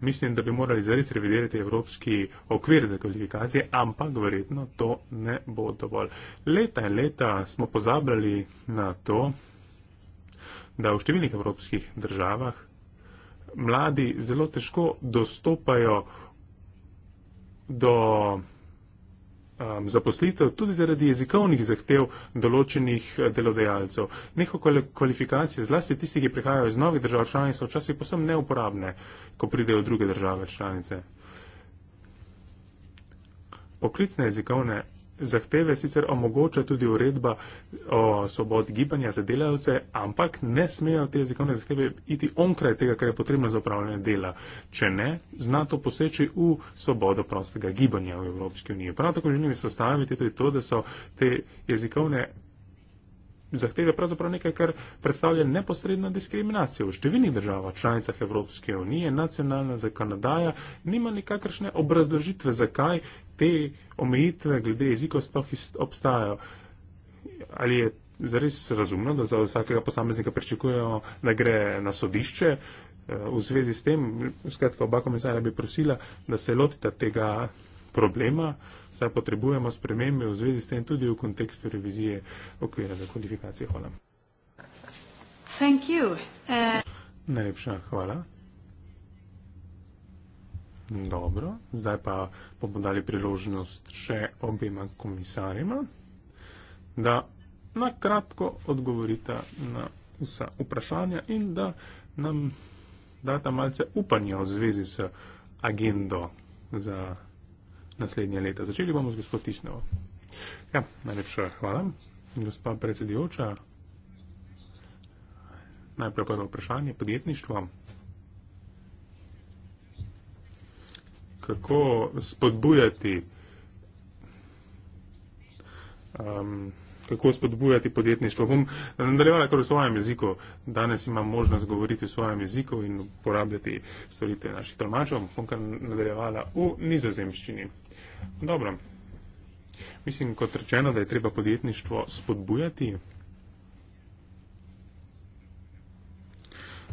mislim, da bi morali zares revidirati evropski okvir za kvalifikacije, ampak verjetno to ne bo dovolj. Leta in leta smo pozabljali na to, da v številnih evropskih državah mladi zelo težko dostopajo do um, zaposlitev, tudi zaradi jezikovnih zahtev določenih eh, delodajalcev. Neko kvalifikacije, zlasti tisti, ki prihajajo iz novih držav članic, so včasih posebno neuporabne, ko pridejo druge države članice. Poklicne jezikovne zahteve sicer omogoča tudi uredba o svobodi gibanja za delavce, ampak ne smejo te jezikovne zahteve iti onkraj tega, kar je potrebno za upravljanje dela. Če ne, zna to poseči v svobodo prostega gibanja v Evropski uniji. Prav tako želim izpostaviti tudi to, da so te jezikovne zahteve pravzaprav nekaj, kar predstavlja neposredna diskriminacija. V številnih državah, članicah Evropske unije, nacionalna zakonodaja nima nikakršne obrazložitve, zakaj te omejitve glede jezikov sploh obstajajo. Ali je zares razumno, da za vsakega posameznika pričakujemo, da gre na sodišče eh, v zvezi s tem? Skratka, oba komisarja bi prosila, da se lotita tega problema, saj potrebujemo spremembe v zvezi s tem tudi v kontekstu revizije okvira za kvalifikacije. Hvala. Uh... Najlepša hvala. Dobro, zdaj pa bomo dali priložnost še obema komisarima, da na kratko odgovorita na vsa vprašanja in da nam data malce upanja v zvezi s agendo za naslednje leta. Začeli bomo z gospod Tisnovo. Ja, najlepša hvala. Gospa predsedujoča, najprej prvo vprašanje, podjetništvo. Kako spodbujati um, kako spodbujati podjetništvo. Bom eh, nadaljevala kar v svojem jeziku. Danes imam možnost govoriti v svojem jeziku in uporabljati storitve naših tolmačev. Bom kar nadaljevala v nizozemščini. Dobro. Mislim, kot rečeno, da je treba podjetništvo spodbujati.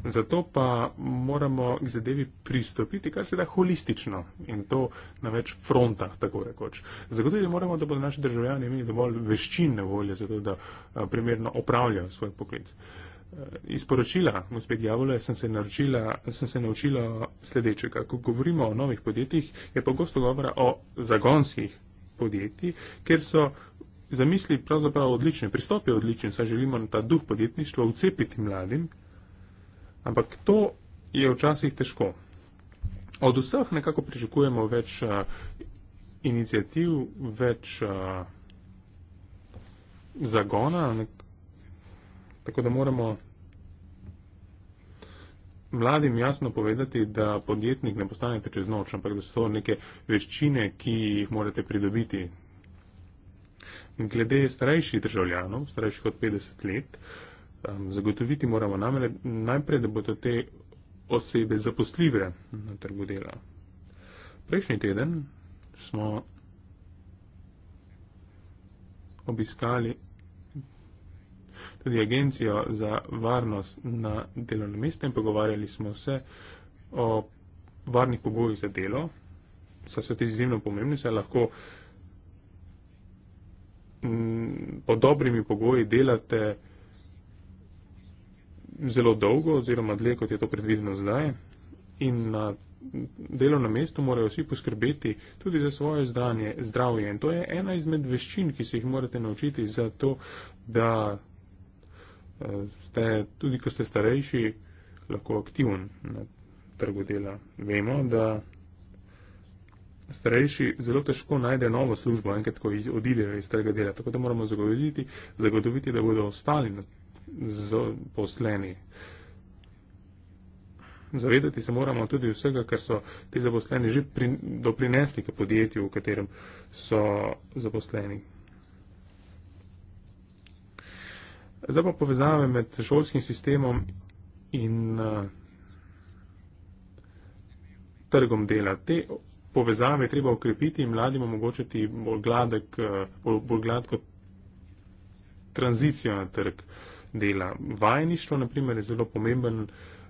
Zato pa moramo k zadevi pristopiti kar se da holistično in to na več frontah, tako rekoč. Zagotoviti moramo, da bodo naši državljani imeli dovolj veščine volje, zato da primerno opravljajo svoj poklic. E, iz poročila, gospod Javole, sem se, naročila, sem se naučila sledečega. Ko govorimo o novih podjetjih, je pogosto govora o zagonskih podjetjih, ker so zamisli pravzaprav odlični, pristopi odlični, saj želimo ta duh podjetništva vcepiti mladim, Ampak to je včasih težko. Od vseh nekako pričakujemo več uh, eh, inicijativ, več uh, zagona, nek, tako da moramo mladim jasno povedati, da podjetnik ne postanete čez noč, ampak da so to neke veščine, ki jih morate pridobiti. Glede starejših državljanov, starejših od 50 let, uh, um, zagotoviti moramo namreč najprej, da bodo te osebe zaposljive na trgu dela. Prejšnji teden smo obiskali tudi agencijo za varnost na delovnem mestu in pogovarjali smo se o varnih pogojih za delo. So se te izjemno pomembne, saj lahko m, po dobrimi pogoji delate zelo dolgo oziroma dlje, kot je to predvideno zdaj. In na delovnem mestu morajo vsi poskrbeti tudi za svoje zdanje, zdravje. In to je ena izmed veščin, ki se jih morate naučiti za to, da eh, ste tudi, ko ste starejši, lahko aktivni na trgu dela. Vemo, da starejši zelo težko najde novo službo, enkrat, ko odidejo iz trga dela. Tako da moramo zagotoviti, zagotoviti da bodo ostali na trgu zaposleni. Zavedati se moramo tudi vsega, kar so ti zaposleni že pri, doprinesli k podjetju, v katerem so zaposleni. Zdaj pa povezave med šolskim sistemom in uh, trgom dela. Te povezave treba ukrepiti in mladim omogočiti bolj, gladek, eh, bolj, bolj gladko tranzicijo na trg. Uh, dela. Vajeništvo, na primer, je zelo, pomemben,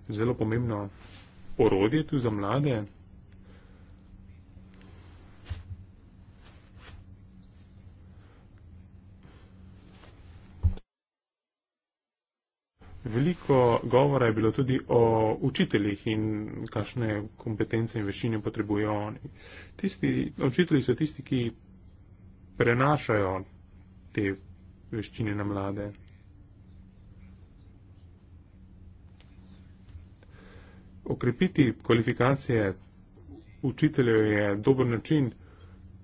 zelo pomembno orodje tu za mlade. Veliko govora je bilo tudi o učiteljih in kakšne kompetence in veščine potrebujejo oni. Tisti, učitelji so tisti, ki prenašajo te veščine na mlade. Okrepiti kvalifikacije učiteljev je dober način,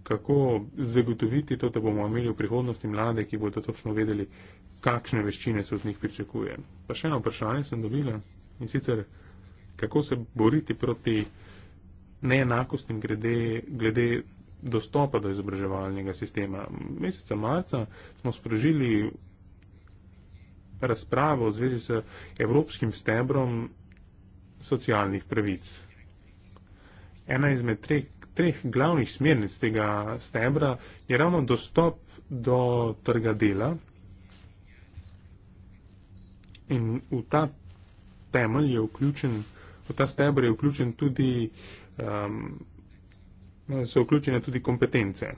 kako zagotoviti to, da bomo imeli v prihodnosti mlade, ki bodo točno vedeli, kakšne veščine se od njih pričakuje. Pa še eno vprašanje sem dobila in sicer, kako se boriti proti neenakostim glede, glede dostopa do izobraževalnega sistema. Meseca marca smo sprožili razpravo v zvezi s evropskim stebrom socialnih pravic. Ena izmed treh, treh glavnih smernic tega stebra je ravno dostop do trga dela. In v ta temelj je vključen, v ta stebr je vključen tudi, um, so vključene tudi kompetence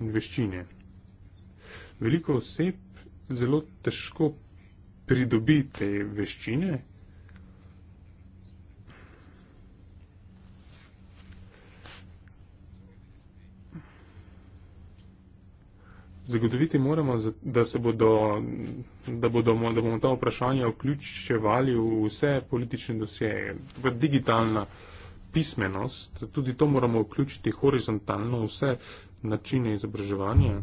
in veščine. Veliko oseb zelo težko pridobi te veščine, Zagotoviti moramo, da, bodo, da, bodo, da bomo ta vprašanja vključevali v vse politične dosjeje. Digitalna pismenost, tudi to moramo vključiti horizontalno v vse načine izobraževanja.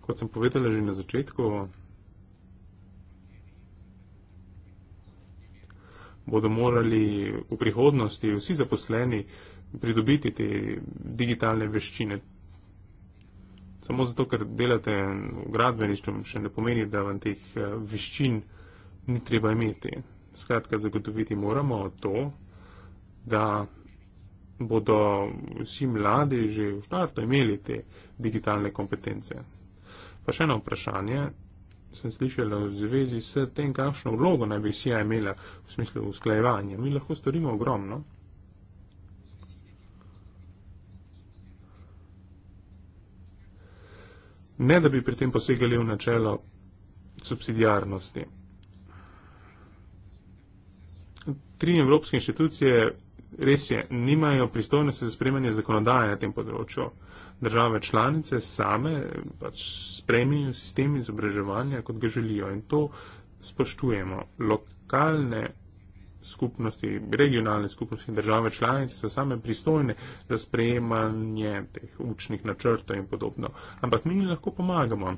Kot sem povedala že na začetku, bodo morali v prihodnosti vsi zaposleni uh, pridobiti te digitalne veščine. Samo zato, ker delate v gradbeništvu, še ne pomeni, da vam teh eh, veščin ni treba imeti. Skratka, zagotoviti moramo to, da bodo vsi mladi že v štartu imeli te digitalne kompetence. Pa še eno vprašanje sem slišala v zvezi s tem, kakšno vlogo naj bi SIA imela v smislu usklajevanja. Mi lahko storimo ogromno. ne da bi pri tem posegali v načelo subsidijarnosti. Tri evropske inštitucije res je, nimajo pristojnosti za spremenje zakonodaje na tem področju. Države članice same pač spremenijo sistem izobraževanja, kot ga želijo in to spoštujemo. Lokalne skupnosti, regionalne skupnosti in države članice so same pristojne za sprejemanje teh učnih načrtov in podobno. Ampak mi jim lahko pomagamo.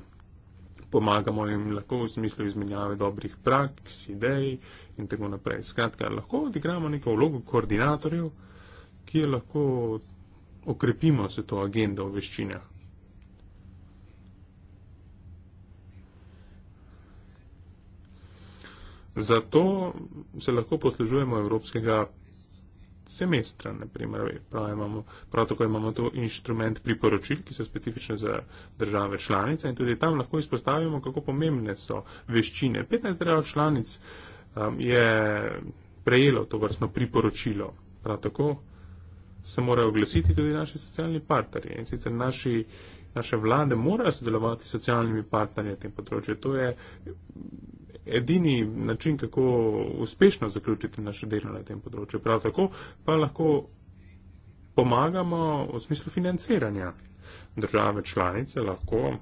Pomagamo jim lahko v smislu izmenjave dobrih praks, idej in tako naprej. Skratka, lahko odigramo neko vlogo koordinatorjev, ki jo lahko okrepimo se to agendo v veščinah. Zato se lahko poslužujemo evropskega semestra, naprimer. Prav, imamo, prav tako imamo to inštrument priporočil, ki so specifične za države članice in tudi tam lahko izpostavimo, kako pomembne so veščine. 15 držav članic um, je prejelo to vrstno priporočilo. Prav tako se morajo oglasiti tudi naši socialni partnerji in sicer naši, naše vlade morajo sodelovati s socialnimi partnerji na tem področju. To je edini način, kako uspešno zaključiti naše delo na tem področju. Prav tako pa lahko pomagamo v smislu financiranja. Države članice lahko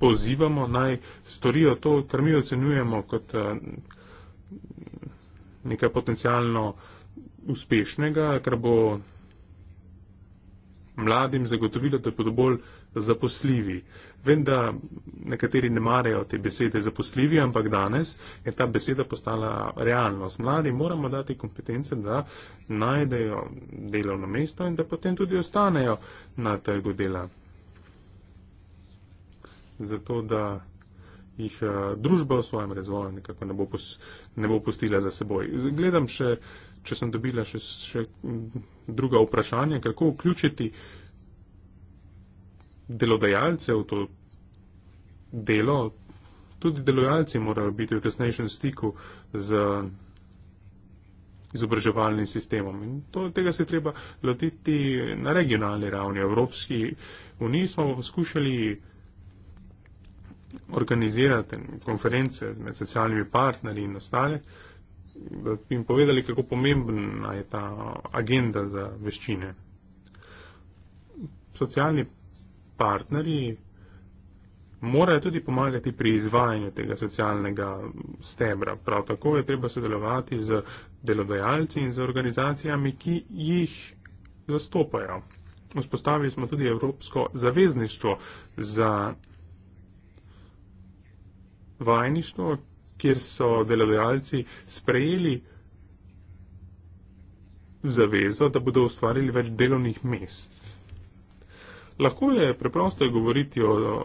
pozivamo naj storijo to, kar mi ocenjujemo kot eh, nekaj potencialno uspešnega, kar bo mladim zagotovilo, da bodo bolj zaposljivi. Vem, da nekateri ne marajo te besede zaposljivi, ampak danes je ta beseda postala realnost. Mladi moramo dati kompetence, da najdejo delovno mesto in da potem tudi ostanejo na trgu dela. Zato, da jih eh, družba v svojem razvoju nekako ne bo, pos, ne bo postila za seboj. Gledam še, če sem dobila še, še druga vprašanja, kako vključiti delodajalcev to delo, tudi delodajalci morajo biti v tesnejšem stiku z izobraževalnim sistemom. In to, tega se treba lotiti na regionalni ravni. Evropski uniji smo poskušali organizirati konference med socialnimi partnerji in ostale, da bi jim povedali, kako pomembna je ta agenda za veščine. Socialni partnerji morajo tudi pomagati pri izvajanju tega socialnega stebra. Prav tako je treba sodelovati z delodajalci in z organizacijami, ki jih zastopajo. Vzpostavili smo tudi Evropsko zavezništvo za vajništvo, kjer so delodajalci sprejeli zavezo, da bodo ustvarili več delovnih mest. Lahko je preprosto govoriti o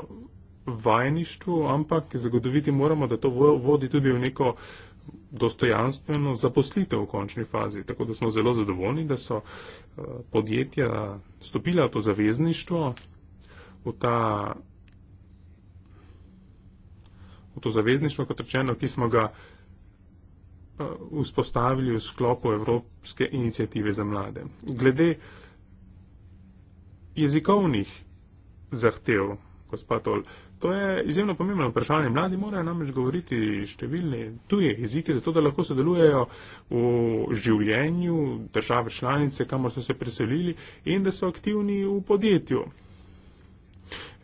vajništvu, ampak zagotoviti moramo, da to vodi tudi v neko dostojanstveno zaposlitev v končni fazi. Tako da smo zelo zadovoljni, da so eh, podjetja stopila v to zavezništvo, v, ta, v to zavezništvo, kot rečeno, ki smo ga eh, vzpostavili v sklopu Evropske inicijative za mlade. Glede uh, jezikovnih zahtev, gospod Tol. To je izjemno pomembno vprašanje. Mladi morajo namreč govoriti številne tuje jezike, zato da lahko sodelujejo v življenju države članice, kamor so se preselili in da so aktivni v podjetju.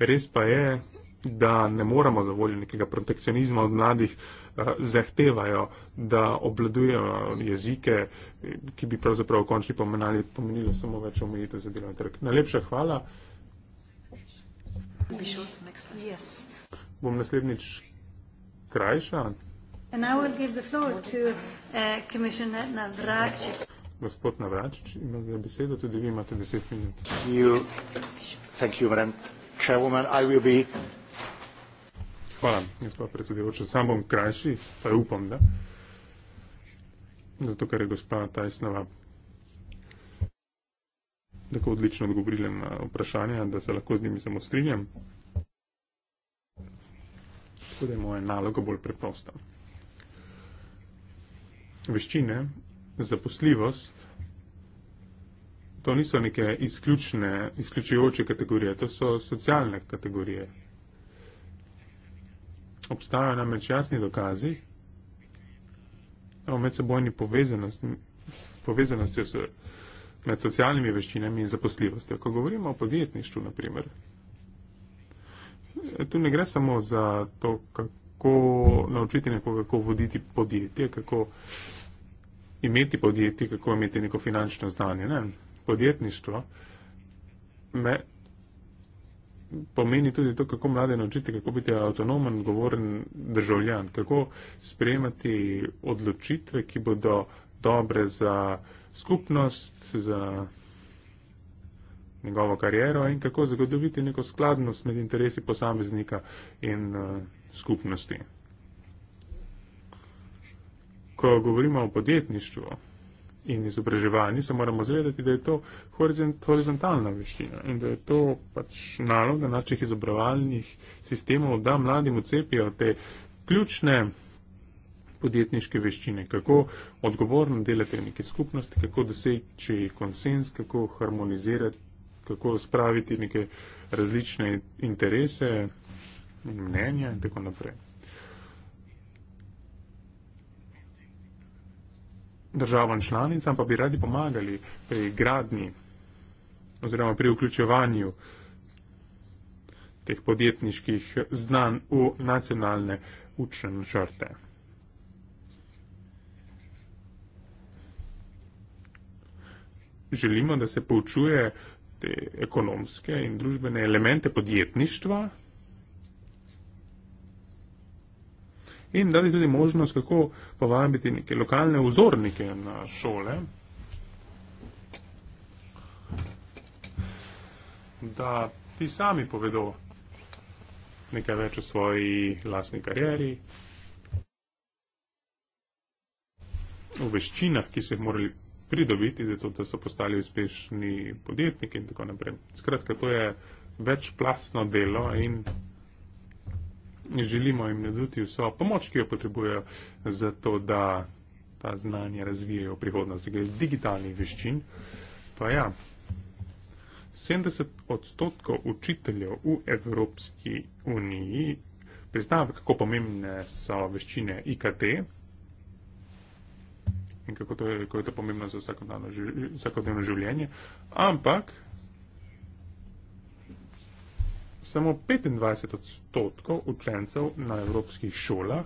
Res pa je, da ne moramo za voljo nekega protekcionizma od mladih uh, zahtevajo, da obladujejo jezike, ki bi pravzaprav v končni pomenali, pomenilo samo več omejitev za delovni trg. Najlepša hvala. Bom naslednjič krajša. Uh, Gospod Navračič, imate besedo, tudi vi imate deset minut. Thank you, madam chairwoman. I will be Hvala, gospod predsedujoči. Sam bom krajši, pa upam, da. Zato, ker je gospa Tajsnova tako odlično odgovorila na vprašanje, da se lahko z njimi samo strinjam. Tako da je moja naloga bolj preprosta. Veščine, zaposljivost, to niso neke izključne, izključujoče kategorije, to so socialne kategorije. Obstajajo namreč jasni dokazi o medsebojni povezanosti med socialnimi veščinami in zaposljivostjo. Ko govorimo o podjetništvu, naprimer, tu ne gre samo za to, kako naučiti nekoga, kako voditi podjetje, kako imeti podjetje, kako imeti neko finančno znanje. Ne? Podjetništvo me, pomeni tudi to, kako mlade naučiti, kako biti avtonomen, govoren državljan, kako sprejemati odločitve, ki bodo dobre za skupnost, za njegovo kariero in kako zagotoviti neko skladnost med interesi posameznika in uh, skupnosti. Ko govorimo o podjetništvu, in izobraževanji, se moramo zavedati, da je to horizontalna veščina in da je to pač naloga naših izobraževalnih sistemov, da mladim ucepijo te ključne podjetniške veščine, kako odgovorno delati v neki skupnosti, kako doseči konsens, kako harmonizirati, kako spraviti neke različne interese in mnenja in tako naprej. državam članicam, pa bi radi pomagali pri gradni oziroma pri vključevanju teh podjetniških znanj v nacionalne učne načrte. Želimo, da se poučuje te ekonomske in družbene elemente podjetništva. in dali tudi možnost, kako povabiti neke lokalne vzornike na šole, da ti sami povedo nekaj več o svoji lastni karieri, o veščinah, ki se jih morali pridobiti, zato da so postali uspešni podjetniki in tako naprej. Skratka, to je večplastno delo in želimo jim nuditi vso pomoč, ki jo potrebujejo za to, da ta znanje razvijajo v prihodnosti, glede digitalnih veščin. Pa ja, 70 odstotkov učiteljev v Evropski uniji priznava, kako pomembne so veščine IKT in kako, to je, kako je to pomembno za vsakodnevno življenje, ampak samo 25 odstotkov učencev na evropskih šolah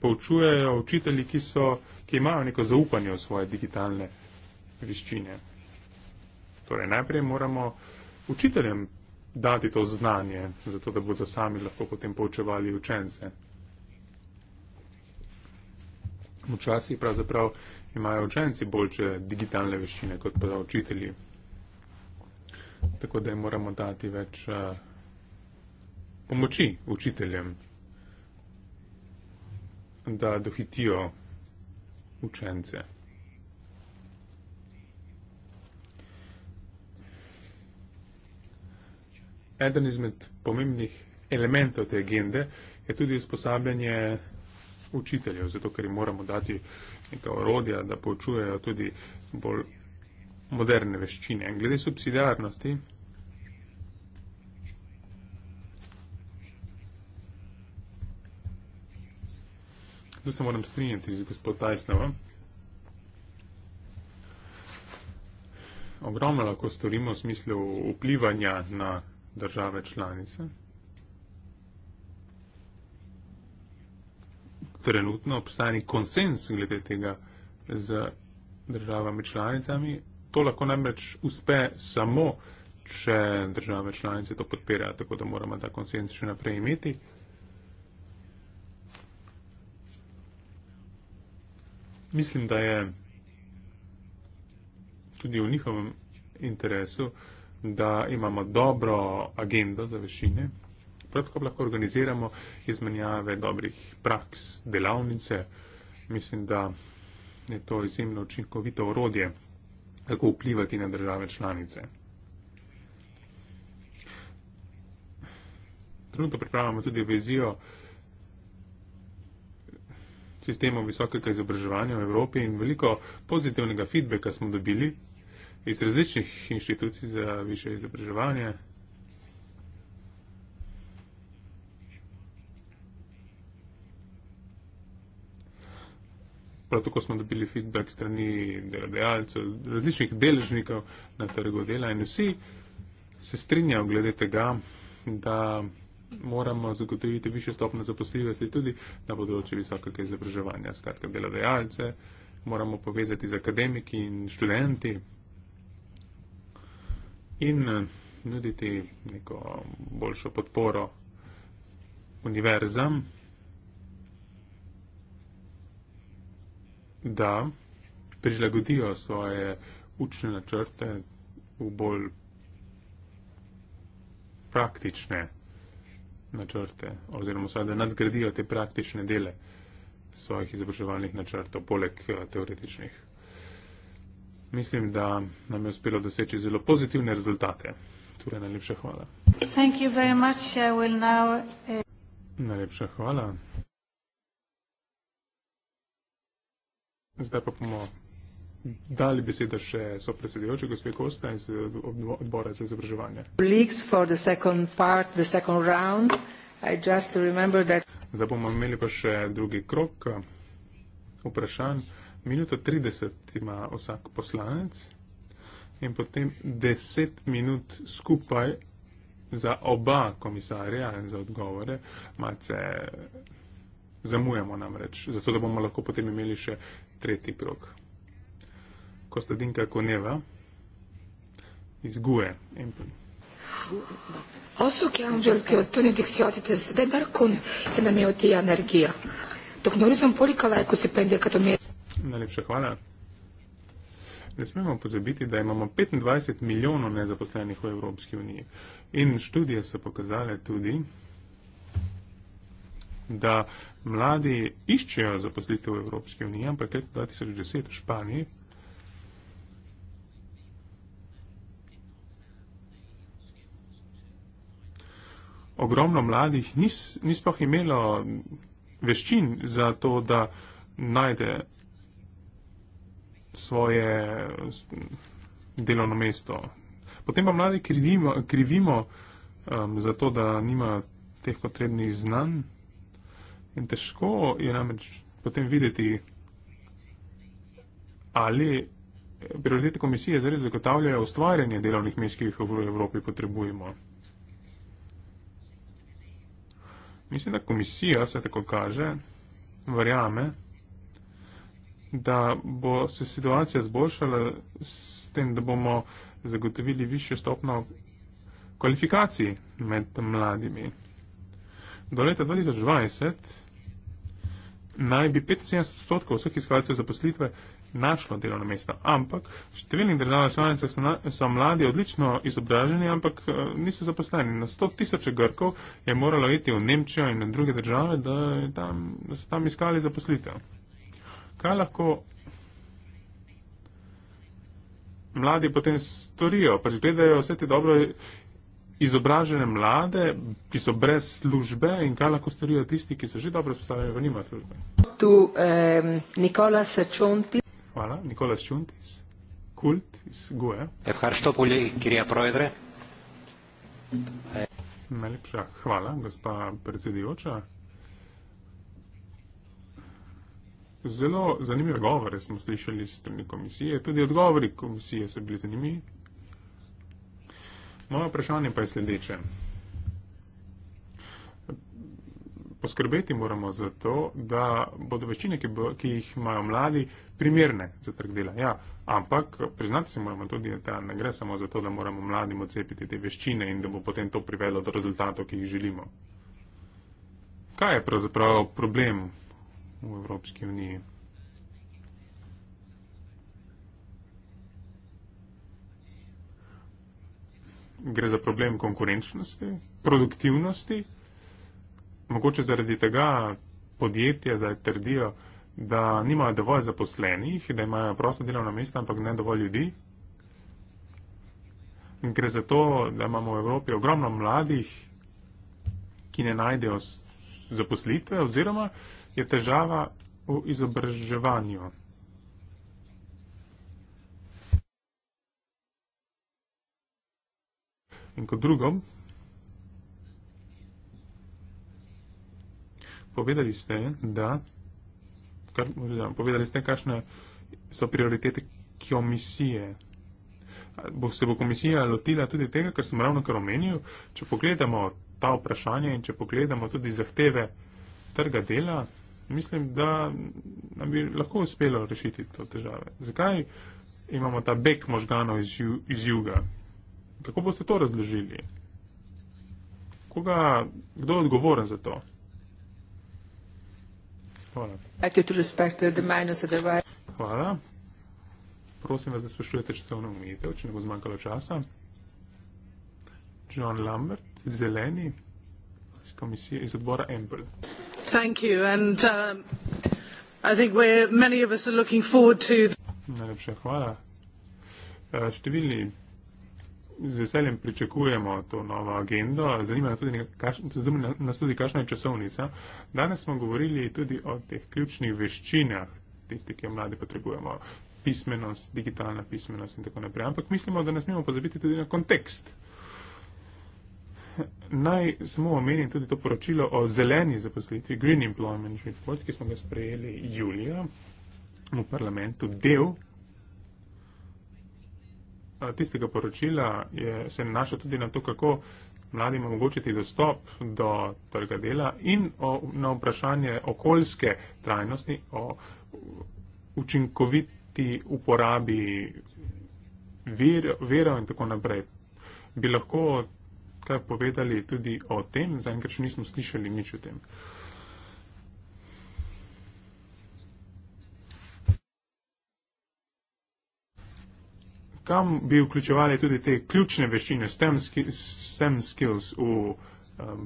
poučujejo učitelji, ki, so, ki imajo neko zaupanje v svoje digitalne veščine. Torej, najprej moramo učiteljem dati to znanje, zato da bodo sami lahko potem poučevali učence. Včasih pravzaprav imajo učenci boljše digitalne veščine kot pa učitelji tako da jim moramo dati več uh, pomoči učiteljem, da dohitijo učence. Eden izmed pomembnih elementov te agende je tudi usposabljanje učiteljev, zato ker jim moramo dati neka orodja, da poučujejo tudi bolj moderne veščine. Glede subsidiarnosti, tu se moram strinjati z gospod Tajsnova, ogromno lahko storimo v smislu vplivanja na države članice. Trenutno obstaja konsens glede tega z državami članicami, To lahko namreč uspe samo, če države članice to podpirajo, tako da moramo ta konsens še naprej imeti. Mislim, da je tudi v njihovem interesu, da imamo dobro agendo za vešine. Prav tako lahko organiziramo izmenjave dobrih praks, delavnice. Mislim, da je to izjemno učinkovito orodje kako vplivati na države članice. Trenutno pripravljamo tudi vizijo sistemov visokega izobraževanja v Evropi in veliko pozitivnega feedbacka smo dobili iz različnih inštitucij za više izobraževanje. prav tako smo dobili feedback strani delodajalcev, različnih deležnikov na trgu dela in vsi se strinjajo glede tega, da moramo zagotoviti više stopne zaposljivosti tudi na področju visokega izobraževanja. Skratka, delodajalce moramo povezati z akademiki in študenti in eh, nuditi neko boljšo podporo univerzam. da prilagodijo svoje učne načrte v bolj praktične načrte oziroma svoje, da nadgradijo te praktične dele svojih izobraževalnih načrtov, poleg eh, teoretičnih. Mislim, da nam je uspelo doseči zelo pozitivne rezultate. Torej, najlepša hvala. Eh, najlepša hvala. Zdaj pa bomo dali besedo še so predsedujoče gospe Kosta iz odbora za izobraževanje. Da bomo imeli pa še drugi krok eh, vprašanj. Minuto 30 ima vsak poslanec in potem 10 minut skupaj za oba komisarja in za odgovore. Malce eh, zamujamo namreč, zato da bomo lahko potem imeli še tretji krok. Kostadinka Koneva iz Gue. Osu ki on želke od tuni diksiotite s dedar kun, je nam je od tija energija. Tok norizom polika lajku se pende kato mir. Najlepša hvala. Ne smemo pozabiti, da imamo 25 milijonov nezaposlenih v Evropski uniji. In študije so pokazale tudi, da mladi iščejo zaposlitev v Evropski uniji, ampak leta 2010 v Španiji ogromno mladih ni sploh imelo veščin za to, da najde svoje delovno mesto. Potem pa mladi krivimo, krivimo um, za to, da nima teh potrebnih znanj. In težko je namreč potem videti, ali prioritete komisije zares zagotavljajo ustvarjanje delovnih mest, ki jih v Evropi potrebujemo. Mislim, da komisija, se tako kaže, verjame, da bo se situacija zboljšala s tem, da bomo zagotovili višjo stopno kvalifikacij med mladimi. Do leta 2020 naj bi 75 odstotkov vseh iskalcev zaposlitve našlo delovno mesto. Ampak v številnih državah članicah so, so mladi odlično izobraženi, ampak eh, niso zaposleni. Na 100 tisoče Grkov je moralo iti v Nemčijo in na druge države, da, tam, da so tam iskali zaposlitev. Kaj lahko mladi potem storijo? Pač gledajo vse te dobro izobražene mlade, ki so brez službe in kaj lahko storijo tisti, ki so že dobro usposabljeni, pa nima službe? Tu je eh, Nikola Sečunti. Hvala, Nikola Sečuntis, kult iz Gue. Najlepša hvala, gospa predsedujoča. Zelo zanimive govore smo slišali strani komisije, tudi odgovori komisije so bili zanimivi. Moje vprašanje pa je sledeče. Poskrbeti moramo za to, da bodo veščine, ki, bo, ki jih imajo mladi, primerne za trg dela. Ja, ampak priznati se moramo tudi, da ne gre samo za to, da moramo mladim odcepiti te veščine in da bo potem to privedlo do rezultatov, ki jih želimo. Kaj je pravzaprav problem v Evropski uniji? gre za problem konkurenčnosti, produktivnosti. Mogoče zaradi tega podjetja zdaj trdijo, da nimajo dovolj zaposlenih, da imajo prosta delovna mesta, ampak ne dovolj ljudi. Gre za to, da imamo v Evropi ogromno mladih, ki ne najdejo zaposlitve oziroma je težava v izobraževanju. In kot drugo, povedali ste, da, kar, da povedali ste, kakšne so prioritete komisije. Bo se bo komisija lotila tudi tega, kar sem ravno kar omenil, če pogledamo ta vprašanja in če pogledamo tudi zahteve trga dela, mislim, da nam bi lahko uspelo rešiti to težave. Zakaj imamo ta beg možganov iz, ju, iz juga, Kako boste to razložili? Koga, kdo je odgovoren za to? Hvala. Hvala. Prosim vas, da sprašujete časovno umitev, če ne bo zmanjkalo časa. John Lambert, zeleni, iz komisije iz odbora Ample. Um, Najlepša hvala. Uh, številni z veseljem pričakujemo to novo agendo. Zanima nas tudi, kakšna je časovnica. Danes smo govorili tudi o teh ključnih veščinah, tiste, ki jo mladi potrebujemo, pismenost, digitalna pismenost in tako naprej. Ampak mislimo, da nas mimo pozabiti tudi na kontekst. Naj samo omenim tudi to poročilo o zeleni zaposlitvi, Green Employment Report, ki smo ga sprejeli julija v parlamentu, del tistega poročila je, se nanaša tudi na to, kako mladim omogočiti dostop do trga dela in o, na vprašanje okoljske trajnosti, o učinkoviti uporabi vir, verov in tako naprej. Bi lahko kaj povedali tudi o tem, zaenkrat še nismo slišali nič o tem. Uh, kam bi vključevali tudi te ključne veščine, STEM, ski, STEM skills v um,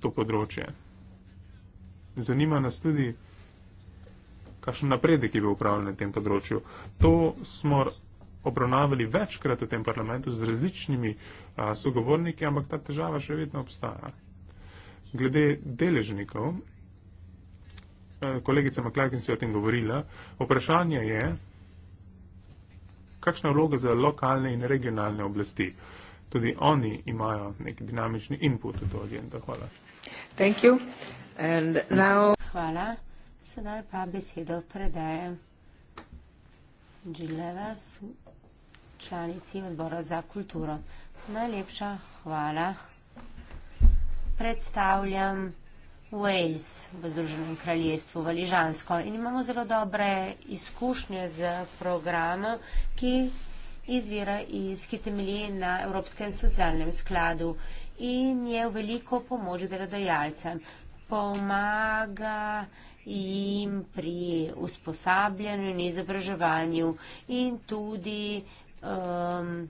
to področje. Zanima nas tudi, kakšen napredek je bil upravljen na tem področju. To smo obravnavali večkrat v tem parlamentu z različnimi a, sogovorniki, ampak ta težava še vedno obstaja. Glede deležnikov, a, kolegica Maklakin se je o tem govorila, vprašanje je, kakšna je vloga za lokalne in regionalne oblasti. Tudi oni imajo nek dinamični input v to agendo. Hvala. Now... Hvala. Sedaj pa besedo predajem Džilevas, članici odbora za kulturo. Najlepša hvala. Predstavljam Wales v Združenem kraljestvu, v Ližansko. In imamo zelo dobre izkušnje z programom, ki izvira iz kitemelje na Evropskem socialnem skladu in je v veliko pomoč delodajalcem. Pomaga jim pri usposabljanju in izobraževanju in tudi um,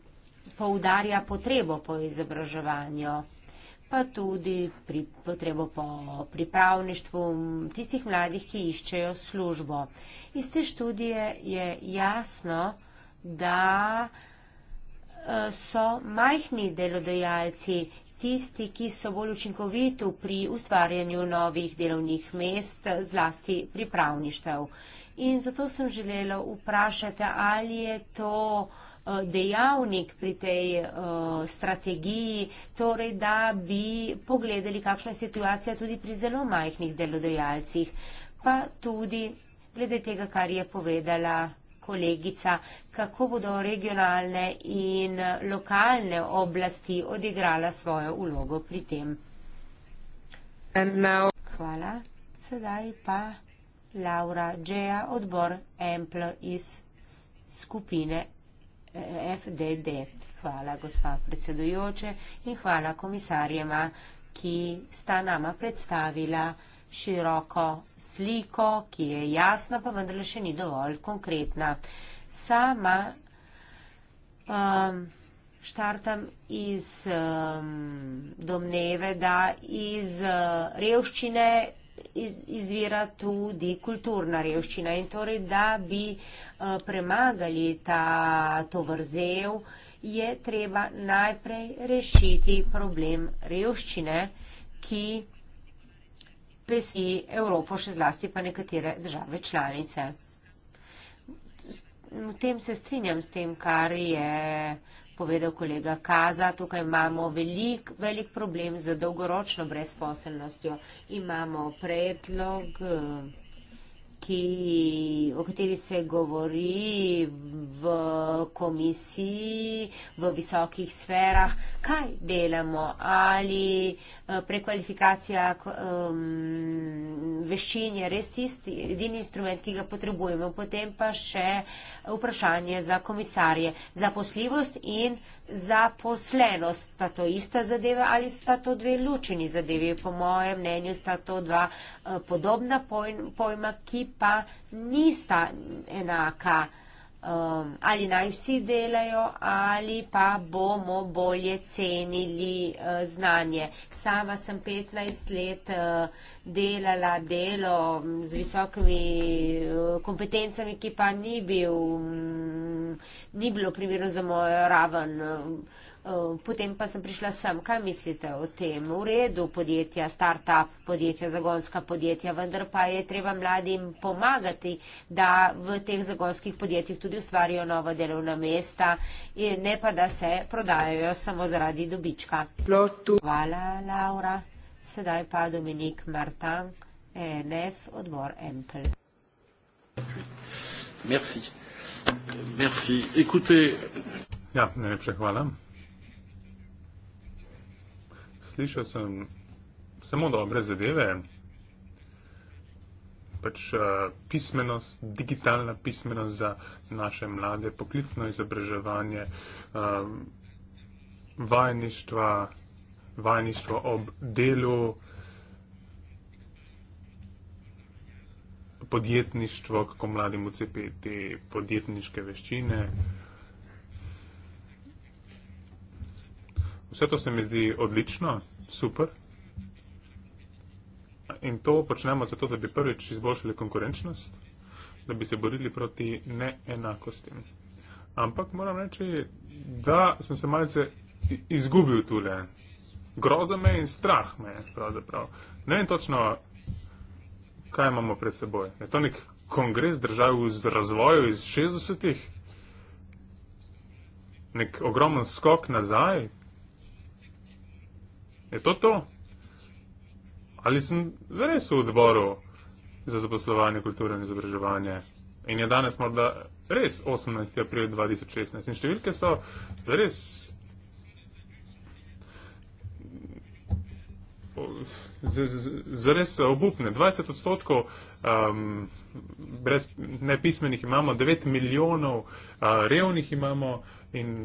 poudarja potrebo po izobraževanju pa tudi pri potrebo po pripravništvu tistih mladih, ki iščejo službo. Iz te študije je jasno, da e, so majhni delodajalci tisti, ki so bolj učinkoviti pri ustvarjanju novih delovnih mest, zlasti pripravništev. In zato sem želela vprašati, ali je to uh, Eh, dejavnik pri tej uh, strategiji, torej da bi pogledali, kakšna je situacija tudi pri zelo majhnih delodajalcih, pa tudi glede tega, kar je povedala kolegica, kako bodo regionalne in lokalne oblasti odigrala svojo ulogo pri tem. Now... Hvala. Sedaj pa Laura Džeja, odbor Empl iz skupine FDD. Hvala, gospa predsedujoče, in hvala komisarjema, ki sta nama predstavila široko sliko, ki je jasna, pa vendarle še ni dovolj konkretna. Sama um, štartam iz um, domneve, da iz uh, revščine iz, izvira tudi kulturna revščina in torej, da bi uh, premagali ta tovrzel, je treba najprej rešiti problem revščine, ki pesi Evropo, še zlasti pa nekatere države članice. V tem se strinjam s tem, kar je povedal kolega Kaza, tukaj imamo velik, velik problem z dolgoročno brezposelnostjo. Imamo predlog. Uh, ki, o kateri se govori v komisiji, v visokih sferah, kaj delamo, ali eh, prekvalifikacija um, veščin je res tisti edini instrument, ki ga potrebujemo. Potem pa še vprašanje za komisarje, za posljivost in zaposlenost. Sta to ista zadeva ali sta to dve ločeni zadevi? Po mojem mnenju sta to dva eh, podobna pojma, ki pa nista enaka um, ali naj vsi delajo ali pa bomo bolje cenili uh, znanje. Sama sem 15 let uh, delala delo um, z visokimi uh, kompetencami, ki pa ni, bil, um, ni bilo primerno za mojo raven. Uh, Eh, potem pa sem prišla sem. Kaj mislite o tem? V redu, podjetja, start-up, podjetja, zagonska podjetja, vendar pa je treba mladim pomagati, da v teh zagonskih podjetjih tudi ustvarijo nova delovna mesta, ne pa da se prodajajo samo zaradi dobička. Hvala, Laura. Sedaj pa Dominik Martin, e NF, odbor Empel. Merci. Merci. Écoutez. Ja, najlepša hvala slišal sem samo dobre zadeve, pač uh, pismenost, digitalna pismenost za naše mlade, poklicno izobraževanje, uh, eh, vajništva, vajništvo ob delu, podjetništvo, kako mladim ucepiti podjetniške veščine. Vse to se mi zdi odlično super. In to počnemo zato, da bi prvič izboljšali konkurenčnost, da bi se borili proti neenakostim. Ampak moram reči, da sem se malce izgubil tule. Groza me in strah me pravzaprav. Ne vem točno, kaj imamo pred seboj. Je to nek kongres držav v razvoju iz 60-ih? Nek ogromen skok nazaj, Je to to? Ali sem zares v odboru za zaposlovanje, kulturo in izobraževanje? In je danes morda res 18. april 2016 in številke so res. Zares obupne. 20 odstotkov um, brez nepismenih imamo, 9 milijonov uh, revnih imamo in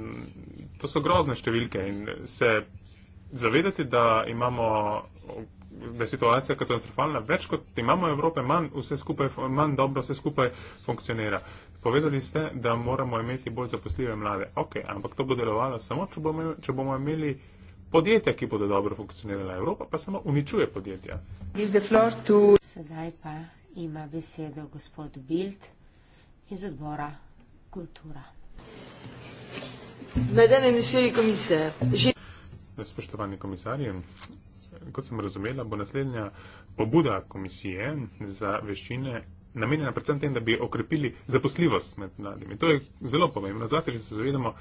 to so grozne številke in se zavedati, da imamo, da je situacija katastrofalna, več kot imamo Evrope, manj vse skupaj, manj dobro vse skupaj funkcionira. Povedali ste, da moramo imeti bolj zaposljive mlade. Ok, ampak to bo delovalo samo, če bomo, če bomo imeli podjetja, ki bodo dobro funkcionirala Evropa, pa samo uničuje podjetja. Sedaj pa ima besedo gospod Bild iz odbora Kultura. Madame et Monsieur les commissaires, j'ai spoštovani komisarji. Kot sem razumela, bo naslednja pobuda komisije za veščine namenjena predvsem tem, da bi okrepili zaposljivost med mladimi. To je zelo pomembno, zlasti, če se zavedamo,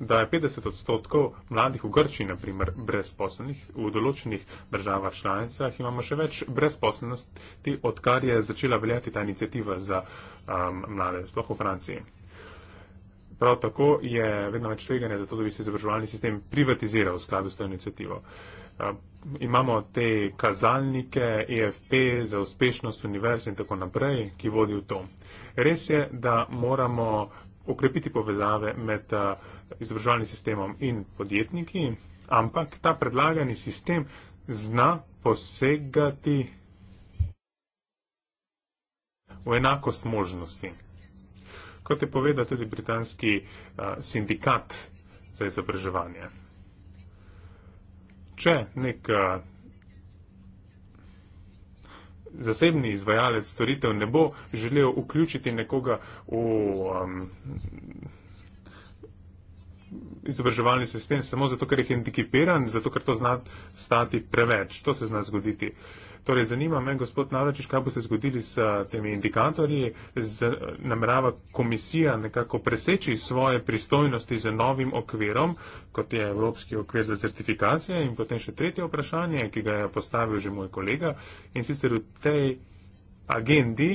da je 50 odstotkov mladih v Grčiji, naprimer, brezposlenih, v določenih državah članicah imamo še več brezposlenosti, odkar je začela veljati ta inicijativa za um, mlade, sploh v Franciji. Prav tako je vedno več tveganja za to, da bi se izobraževalni sistem privatiziral v skladu s to inicijativo. Imamo te kazalnike, EFP za uspešnost univerz in tako naprej, ki vodi v to. Res je, da moramo okrepiti povezave med izobraževalnim sistemom in podjetniki, ampak ta predlagani sistem zna posegati v enakost možnosti kot je povedal tudi britanski sindikat za izobraževanje. Če nek zasebni izvajalec storitev ne bo želel vključiti nekoga v um, izobraževalni sistem samo zato, ker je hendikipiran, zato, ker to zna stati preveč. To se zna zgoditi. Uh, Torej, zanima me, gospod Navračiš, kaj bo se zgodili s eh, temi indikatorji, z, eh, namerava komisija nekako preseči svoje pristojnosti z novim okvirom, kot je Evropski okvir za certifikacije in potem še tretje vprašanje, ki ga je postavil že moj kolega in sicer v tej agendi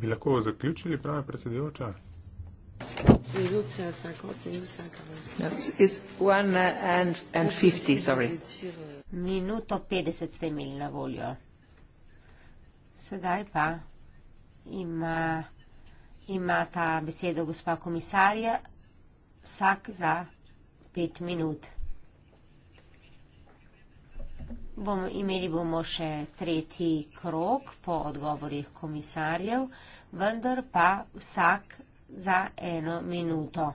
bi lahko zaključili, pravi predsedujoča. Is no, one uh, and and fifty, sorry. Minuto 50 ste imeli na voljo. Sedaj pa ima, ima ta besedo gospa komisarja vsak za pet minut. Bom, imeli bomo še tretji krok po odgovorih komisarjev, vendar pa vsak za eno minuto.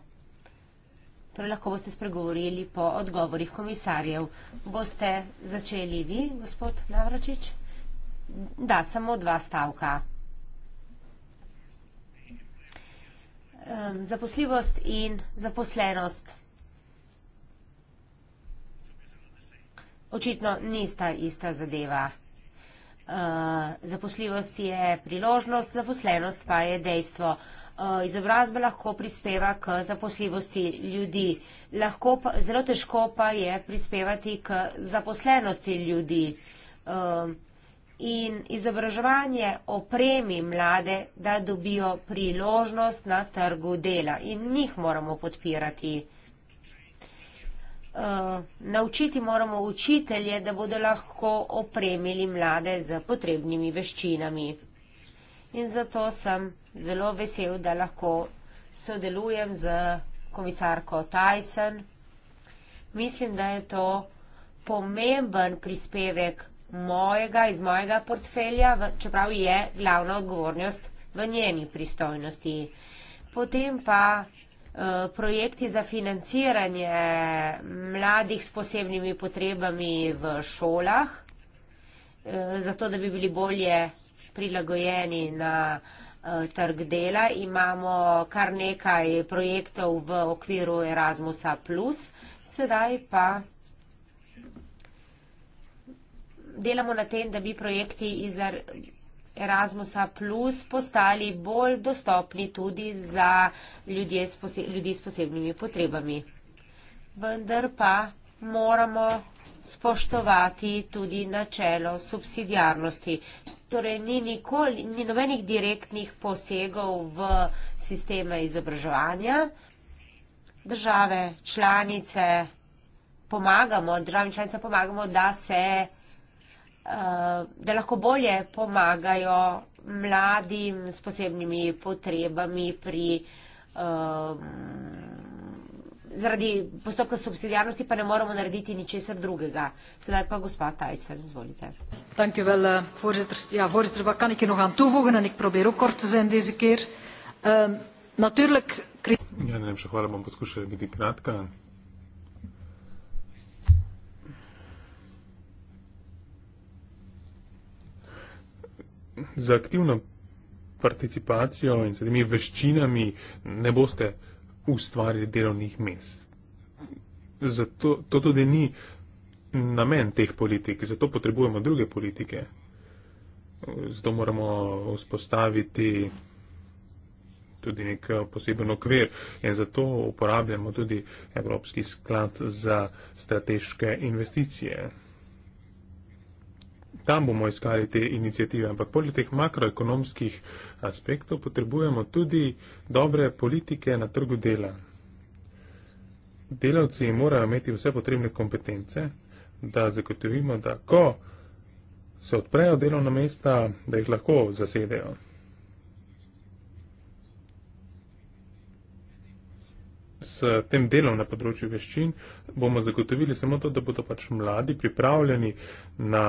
Torej, lahko boste spregovorili po odgovorih komisarjev. Boste začeli vi, gospod Navračič? Da, samo dva stavka. Zaposljivost in zaposlenost. Očitno nista ista zadeva. Zaposljivost je priložnost, zaposlenost pa je dejstvo. Eh, izobrazba lahko prispeva k zaposljivosti ljudi. Lahko pa, zelo težko pa je prispevati k zaposlenosti ljudi. Eh, in izobraževanje opremi mlade, da dobijo priložnost na trgu dela in njih moramo podpirati. Uh, naučiti moramo učitelje, da bodo lahko opremili mlade z potrebnimi veščinami in zato sem zelo vesel, da lahko sodelujem z komisarko Tyson. Mislim, da je to pomemben prispevek mojega, iz mojega portfelja, čeprav je glavna odgovornost v njeni pristojnosti. Potem pa eh, projekti za financiranje mladih s posebnimi potrebami v šolah, eh, zato da bi bili bolje prilagojeni na eh, trg dela. Imamo kar nekaj projektov v okviru Erasmusa+. Sedaj pa delamo na tem, da bi projekti iz Erasmusa+, postali bolj dostopni tudi za ljudi s posebnimi potrebami. Vendar pa moramo spoštovati tudi načelo subsidiarnosti. Torej, ni nikoli, ni nobenih direktnih posegov v sisteme izobraževanja. Države, članice pomagamo, državi članice pomagamo, da se, eh, da lahko bolje pomagajo mladim s posebnimi potrebami pri eh, zaradi postopka subsidijarnosti pa ne moramo narediti ničesar drugega. Sedaj pa gospa Tajser, izvolite. Dank u wel, uh, voorzitter. Ja, voorzitter, wat kan ik hier nog aan toevoegen? En ik probeer ook kort te zijn deze keer. Um, natuurlijk. Ja, neem ze gewoon maar wat kussen met die kraatkaan. Za aktivno participacijo in s temi veščinami ne boste ustvarjanje delovnih mest. Zato to tudi ni namen teh politik, zato potrebujemo druge politike. Zato moramo vzpostaviti tudi nek eh, poseben okvir in zato uporabljamo tudi Evropski sklad za strateške investicije. Tam bomo iskali te inicijative, ampak poleg teh makroekonomskih uh, aspektov potrebujemo tudi dobre politike na trgu dela. Delavci morajo imeti vse potrebne kompetence, da zagotovimo, da ko se odprejo delovna mesta, da jih lahko zasedejo. S tem delom na področju veščin bomo zagotovili samo to, da bodo pač mladi pripravljeni na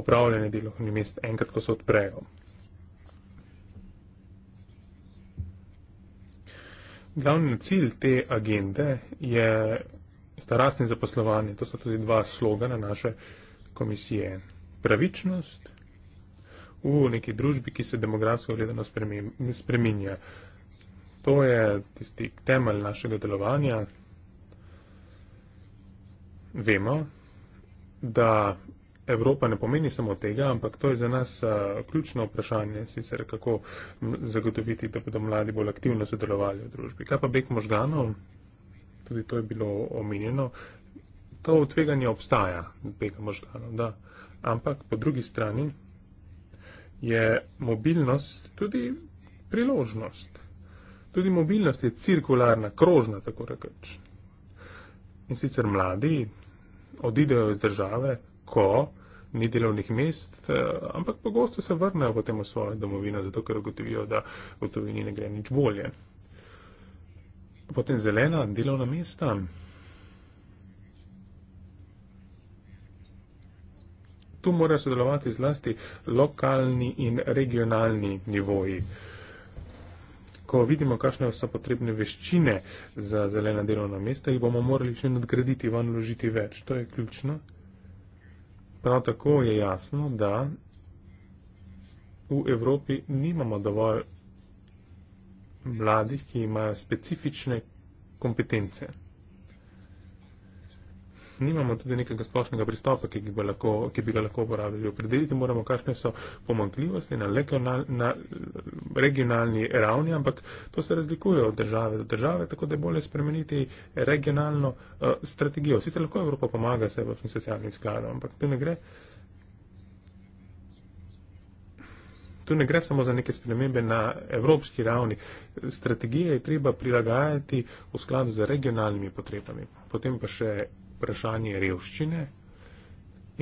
opravljanje delovnih mest enkrat, ko se odprejo. Glavni cilj te agende je starostni zaposlovanje. To so tudi dva slogana naše komisije. Pravičnost v neki družbi, ki se demografsko gledano spreminja. To je tisti temelj našega delovanja. Vemo, da Evropa ne pomeni samo tega, ampak to je za nas uh, ključno vprašanje, sicer kako zagotoviti, da bodo mladi bolj aktivno sodelovali v družbi. Kaj pa beg možganov? Tudi to je bilo omenjeno. To tveganje obstaja, beg možganov, da. Ampak po drugi strani je mobilnost tudi priložnost. Tudi mobilnost je cirkularna, krožna, tako rekoč. In sicer mladi odidejo iz države, ko ni delovnih mest, eh, ampak pogosto se vrnejo potem v svojo domovino, zato ker ugotovijo, da v tujini ne gre nič bolje. Potem zelena delovna mesta. Tu morajo sodelovati zlasti lokalni in regionalni nivoji. Ko vidimo, kakšne so potrebne veščine za zelena delovna mesta, jih bomo morali še nadgraditi, van ložiti več. To je ključno. Prav tako je jasno, da v Evropi nimamo dovolj mladih, ki imajo specifične kompetence nimamo tudi nekega splošnega pristopa, ki bi, lahko, ki bi ga lahko uporabljali. Opredeliti moramo, kakšne so pomankljivosti na, legional, na regionalni ravni, ampak to se razlikuje od države do države, tako da je bolje spremeniti regionalno uh, strategijo. Sicer lahko Evropa pomaga se v tem socialnim skladu, ampak tu ne gre. Tu ne gre samo za neke spremembe na evropski ravni. Strategije je treba prilagajati v skladu z regionalnimi potrebami. Potem pa še vprašanje revščine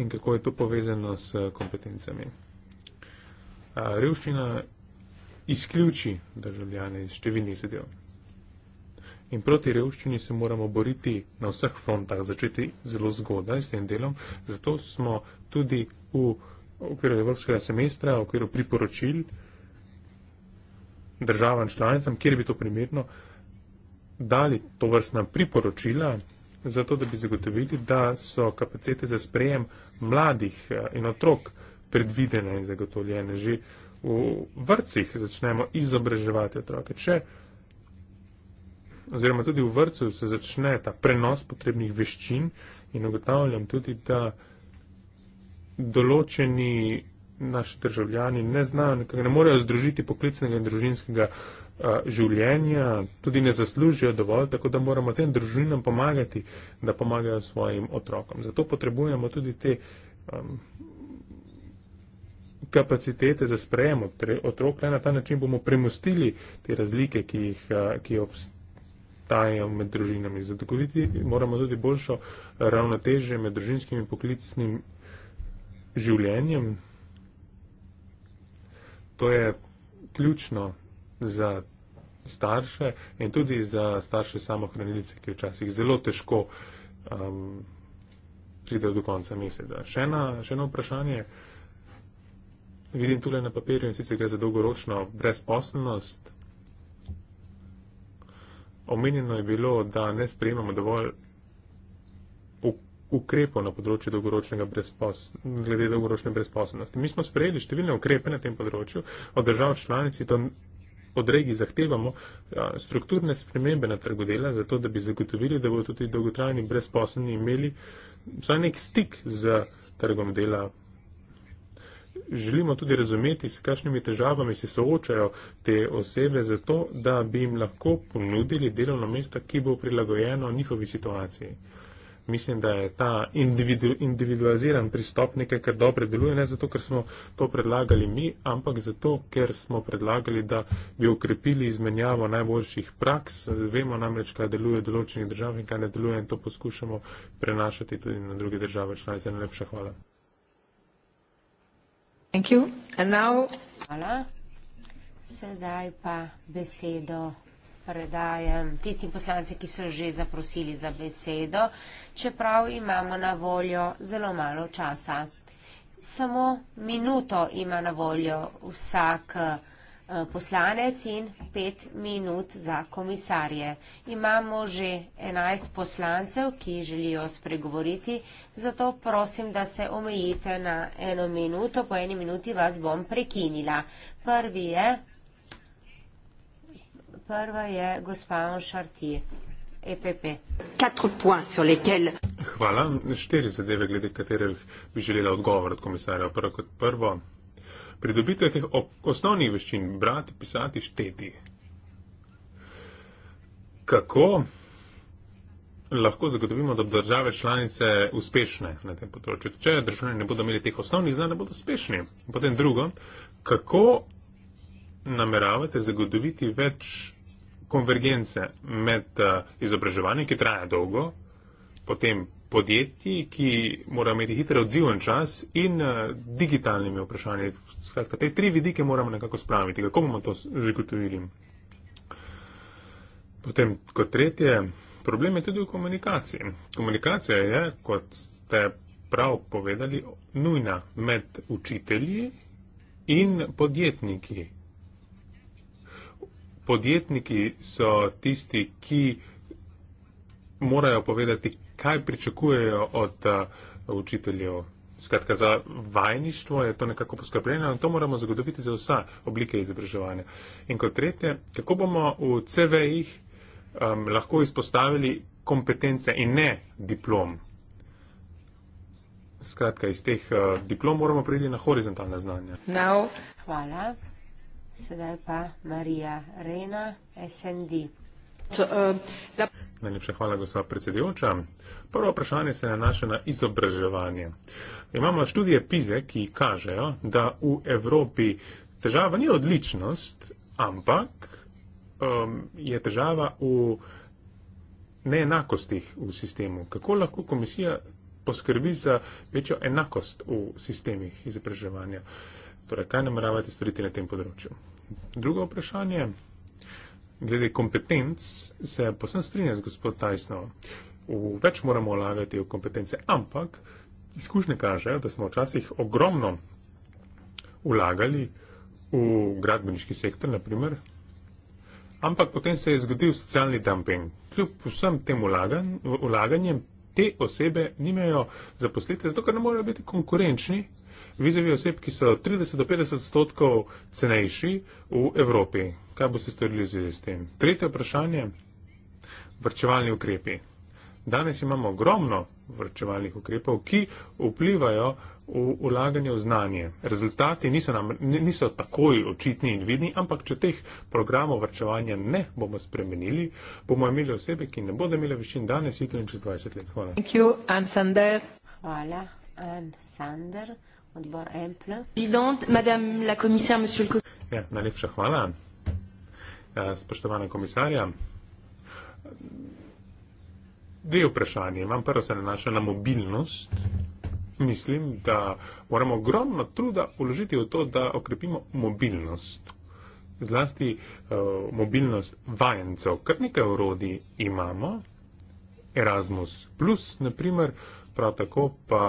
in kako je to povezano s kompetencami. Revščina izključi državljane iz številnih zadev. In proti revščini se moramo boriti na vseh frontah, začeti zelo zgodaj s tem delom. Zato smo tudi v okviru evropskega semestra, v okviru priporočil državam članicam, kjer bi to primerno dali to vrstna priporočila, zato da bi zagotovili, da so kapacete za sprejem mladih eh, in otrok predvidene in zagotovljene. Že v vrcih začnemo izobraževati otroke. Če, oziroma tudi v vrcu se začne ta prenos potrebnih veščin in ugotavljam tudi, da določeni naši državljani ne znajo, ne morejo združiti poklicnega in družinskega življenja, tudi ne zaslužijo dovolj, tako da moramo tem družinam pomagati, da pomagajo svojim otrokom. Zato potrebujemo tudi te um, kapacitete za sprejem otrok, le na ta način bomo premustili te razlike, ki, jih, ki obstajajo med družinami. Zagotoviti moramo tudi boljšo ravnoteže med družinskim in poklicnim življenjem. To je ključno za starše in tudi za starše samohranilce, ki včasih zelo težko um, pridejo do konca meseca. Še, ena, še eno vprašanje. Vidim tukaj na papirju in sicer gre za dolgoročno brezposobnost. Omenjeno je bilo, da ne sprejemamo dovolj ukrepov na področju dolgoročnega brezposobnosti, glede dolgoročne brezposobnosti. Mi smo sprejeli številne ukrepe na tem področju, od držav članici do od regij zahtevamo strukturne spremembe na trgu dela, zato da bi zagotovili, da bodo tudi dolgotrajni brezposobni imeli vsaj nek stik z trgom dela. Želimo tudi razumeti, s kakšnimi težavami se soočajo te osebe, zato da bi jim lahko ponudili delovno mesto, ki bo prilagojeno njihovi situaciji. Mislim, da je ta individu, individualiziran pristop nekaj, kar dobro deluje, ne zato, ker smo to predlagali mi, ampak zato, ker smo predlagali, da bi ukrepili izmenjavo najboljših praks. Vemo namreč, kaj deluje v določenih državah in kaj ne deluje in to poskušamo prenašati tudi na druge države članice. Najlepša hvala. Now... Hvala. Sedaj pa besedo predajem tistim poslancem, ki so že zaprosili za besedo, čeprav imamo na voljo zelo malo časa. Samo minuto ima na voljo vsak eh, poslanec in pet minut za komisarje. Imamo že enajst poslancev, ki želijo spregovoriti, zato prosim, da se omejite na eno minuto, po eni minuti vas bom prekinila. Prvi je Prva je gospa Šartije. EPP. Hvala. Štiri zadeve, glede katerih bi želela odgovor od komisarja. Prvo kot prvo, pridobitev teh osnovnih veščin, brati, pisati, šteti. Kako lahko zagotovimo, da bodo države članice uspešne na tem področju? Če državljani ne bodo imeli teh osnovnih znanj, ne bodo uspešni. Potem drugo, kako nameravate zagotoviti več konvergence med eh, izobraževanjem, ki traja dolgo, potem podjetji, ki morajo imeti hitro odziven čas in eh, digitalnimi vprašanji. Skratka, te tri vidike moramo nekako spraviti. Kako bomo to zagotovili? Potem, kot tretje, problem je tudi v komunikaciji. Komunikacija je, kot ste prav povedali, nujna med učitelji in podjetniki podjetniki so tisti, ki morajo povedati, kaj pričakujejo od uh, učiteljev. Skratka, za vajništvo je to nekako poskrbljeno in to moramo zagotoviti za vsa oblike izobraževanja. In kot tretje, kako bomo v CV-jih um, lahko izpostavili kompetence in ne diplom. Skratka, iz teh uh, diplom moramo prejti na horizontalne znanja. No. Hvala. Sedaj pa Marija Rena, SND. Eh, Najlepša hvala, gospod predsedujoča. Prvo vprašanje se nanaša na izobraževanje. Imamo študije PISE, ki kažejo, da v Evropi težava ni odličnost, ampak um, je težava v neenakostih v sistemu. Kako lahko komisija poskrbi za večjo enakost v sistemih izobraževanja? Uh, Torej, kaj nameravate storiti na tem področju? Drugo vprašanje, glede kompetenc, se posem strinja z gospod Tajsnovo. Več moramo vlagati v kompetence, ampak izkušnje kažejo, da smo včasih ogromno vlagali v gradbeniški sektor, naprimer. Ampak potem se je zgodil socialni dumping. Kljub vsem tem ulagan, ulaganjem, te osebe nimajo zaposlitev, zato ker ne morejo biti konkurenčni vizavi oseb, ki so 30 do 50 odstotkov cenejši v Evropi. Kaj bo se storili z tem? Tretje vprašanje. Vrčevalni ukrepi. Danes imamo ogromno vrčevalnih ukrepov, ki vplivajo v ulaganje v znanje. Rezultati niso, nam, niso takoj očitni in vidni, ampak če teh programov vrčevanja ne bomo spremenili, bomo imeli osebe, ki ne bodo imele večin danes, jutri in čez 20 let. Hvala. Thank you, Ann Sander. Hvala, Ann Sander. Ja, najlepša hvala. Ja, spoštovana komisarja, dve vprašanje imam. Prvo se nanaša na mobilnost. Mislim, da moramo ogromno truda uložiti v to, da okrepimo mobilnost. Zlasti uh, mobilnost vajencev. Kar nekaj urodi imamo, Erasmus, naprimer, prav tako pa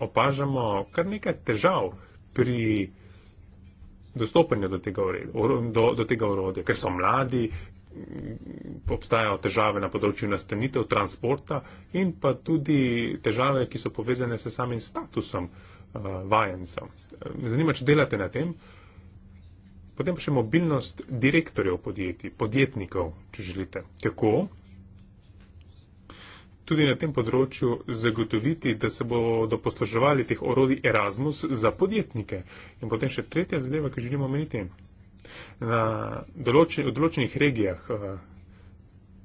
opažamo kar nekaj težav pri dostopanju do tega, ured, do, do tega urodja, ker so mladi, obstajajo težave na področju nastanitev, transporta in pa tudi težave, ki so povezane s samim statusom uh, vajencev. Zanima, če delate na tem. Potem pa še mobilnost direktorjev podjetij, podjetnikov, če želite. Kako? tudi na tem področju zagotoviti, da se bodo posluževali teh orodij Erasmus za podjetnike. In potem še tretja zadeva, ki želimo omeniti. Na določen, določenih regijah,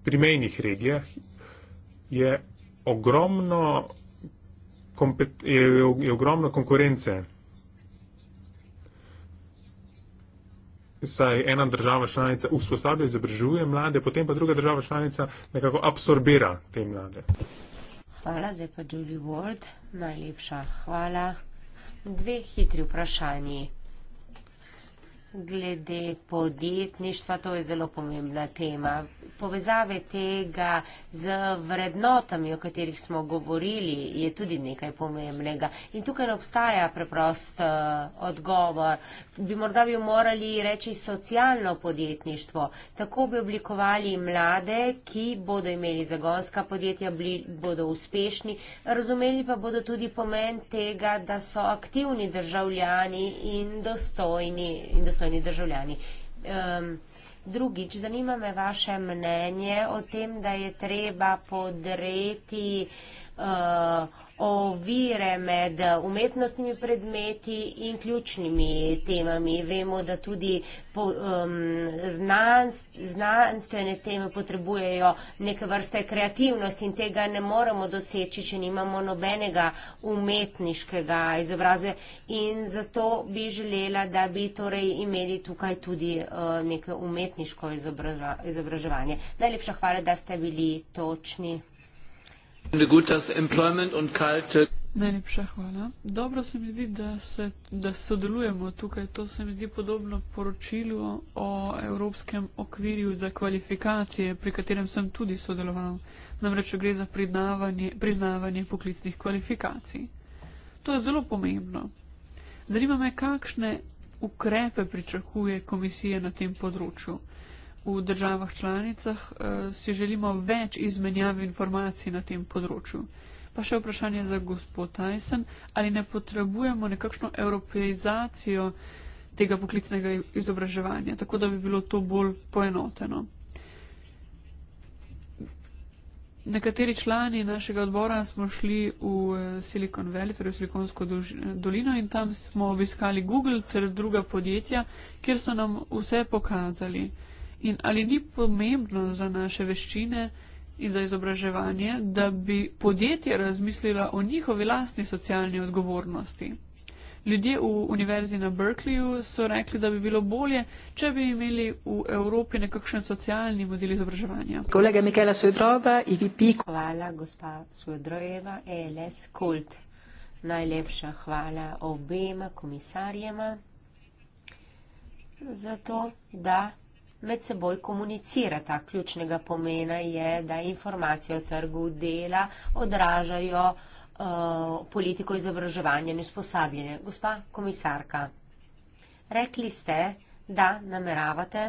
primejnih eh, regijah, je ogromno, kompet, je, je ogromno konkurence. saj ena država članica usposablja, izobražuje mlade, potem pa druga država članica nekako absorbira te mlade. Hvala, zdaj pa Julie Ward, najlepša hvala. Dve hitri vprašanji glede podjetništva, to je zelo pomembna tema. Povezave tega z vrednotami, o katerih smo govorili, je tudi nekaj pomembnega. In tukaj ne obstaja preprost eh, odgovor. Bi morda bi morali reči socialno podjetništvo. Tako bi oblikovali mlade, ki bodo imeli zagonska podjetja, bodo uspešni, razumeli pa bodo tudi pomen tega, da so aktivni državljani in dostojni. In dostojni samostojni državljani. Um, drugič, zanima me vaše mnenje o tem, da je treba podreti uh, ovire med umetnostnimi predmeti in ključnimi temami. Vemo, da tudi po, um, znanst, znanstvene teme potrebujejo neke vrste kreativnosti in tega ne moramo doseči, če nimamo nobenega umetniškega izobrazbe. In zato bi želela, da bi torej imeli tukaj tudi uh, neke umetniško izobraževanje. Najlepša hvala, da ste bili točni. Najlepša hvala. Dobro se mi zdi, da, se, da sodelujemo tukaj. To se mi zdi podobno poročilu o Evropskem okvirju za kvalifikacije, pri katerem sem tudi sodeloval. Namreč gre za priznavanje poklicnih kvalifikacij. To je zelo pomembno. Zanima me, kakšne ukrepe pričakuje komisija na tem področju v državah članicah, eh, si želimo več izmenjave informacij na tem področju. Pa še vprašanje za gospod Tyson, ali ne potrebujemo nekakšno evropeizacijo tega poklicnega izobraževanja, tako da bi bilo to bolj poenoteno. Nekateri člani našega odbora smo šli v eh, Silicon Valley, torej v Silikonsko eh, dolino in tam smo obiskali Google ter druga podjetja, kjer so nam vse pokazali. In ali ni pomembno za naše veščine in za izobraževanje, da bi podjetje razmislila o njihovi lastni socialni odgovornosti? Ljudje v univerzi na Berkeleyju so rekli, da bi bilo bolje, če bi imeli v Evropi nekakšen socialni model izobraževanja. Kolega Mikela Sudrova, IVP. E hvala, gospa Sudrojeva, e LS Kult. Najlepša hvala obema komisarjema za to, da med seboj komunicirata. Ključnega pomena je, da informacije o trgu dela odražajo uh, politiko izobraževanja in usposabljanja. Gospa komisarka, rekli ste, da nameravate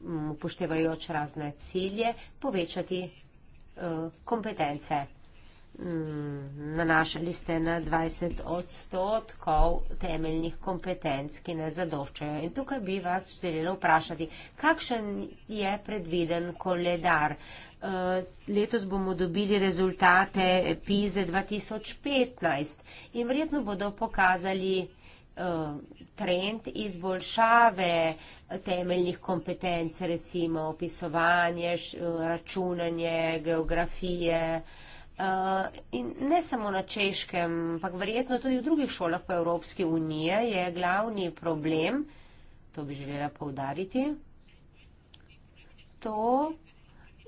mm, upoštevajoč razne cilje, povečati uh, kompetence nanašali ste na 20 odstotkov temeljnih kompetenc, ki ne zadoščajo. In tukaj bi vas želela vprašati, kakšen je predviden koledar? Eh, letos bomo dobili rezultate PIZE 2015 in verjetno bodo pokazali eh, trend izboljšave temeljnih kompetenc, recimo opisovanje, eh, računanje, geografije, Eh, in ne samo na češkem, ampak verjetno tudi v drugih šolah po Evropski uniji je glavni problem, to bi želela povdariti, to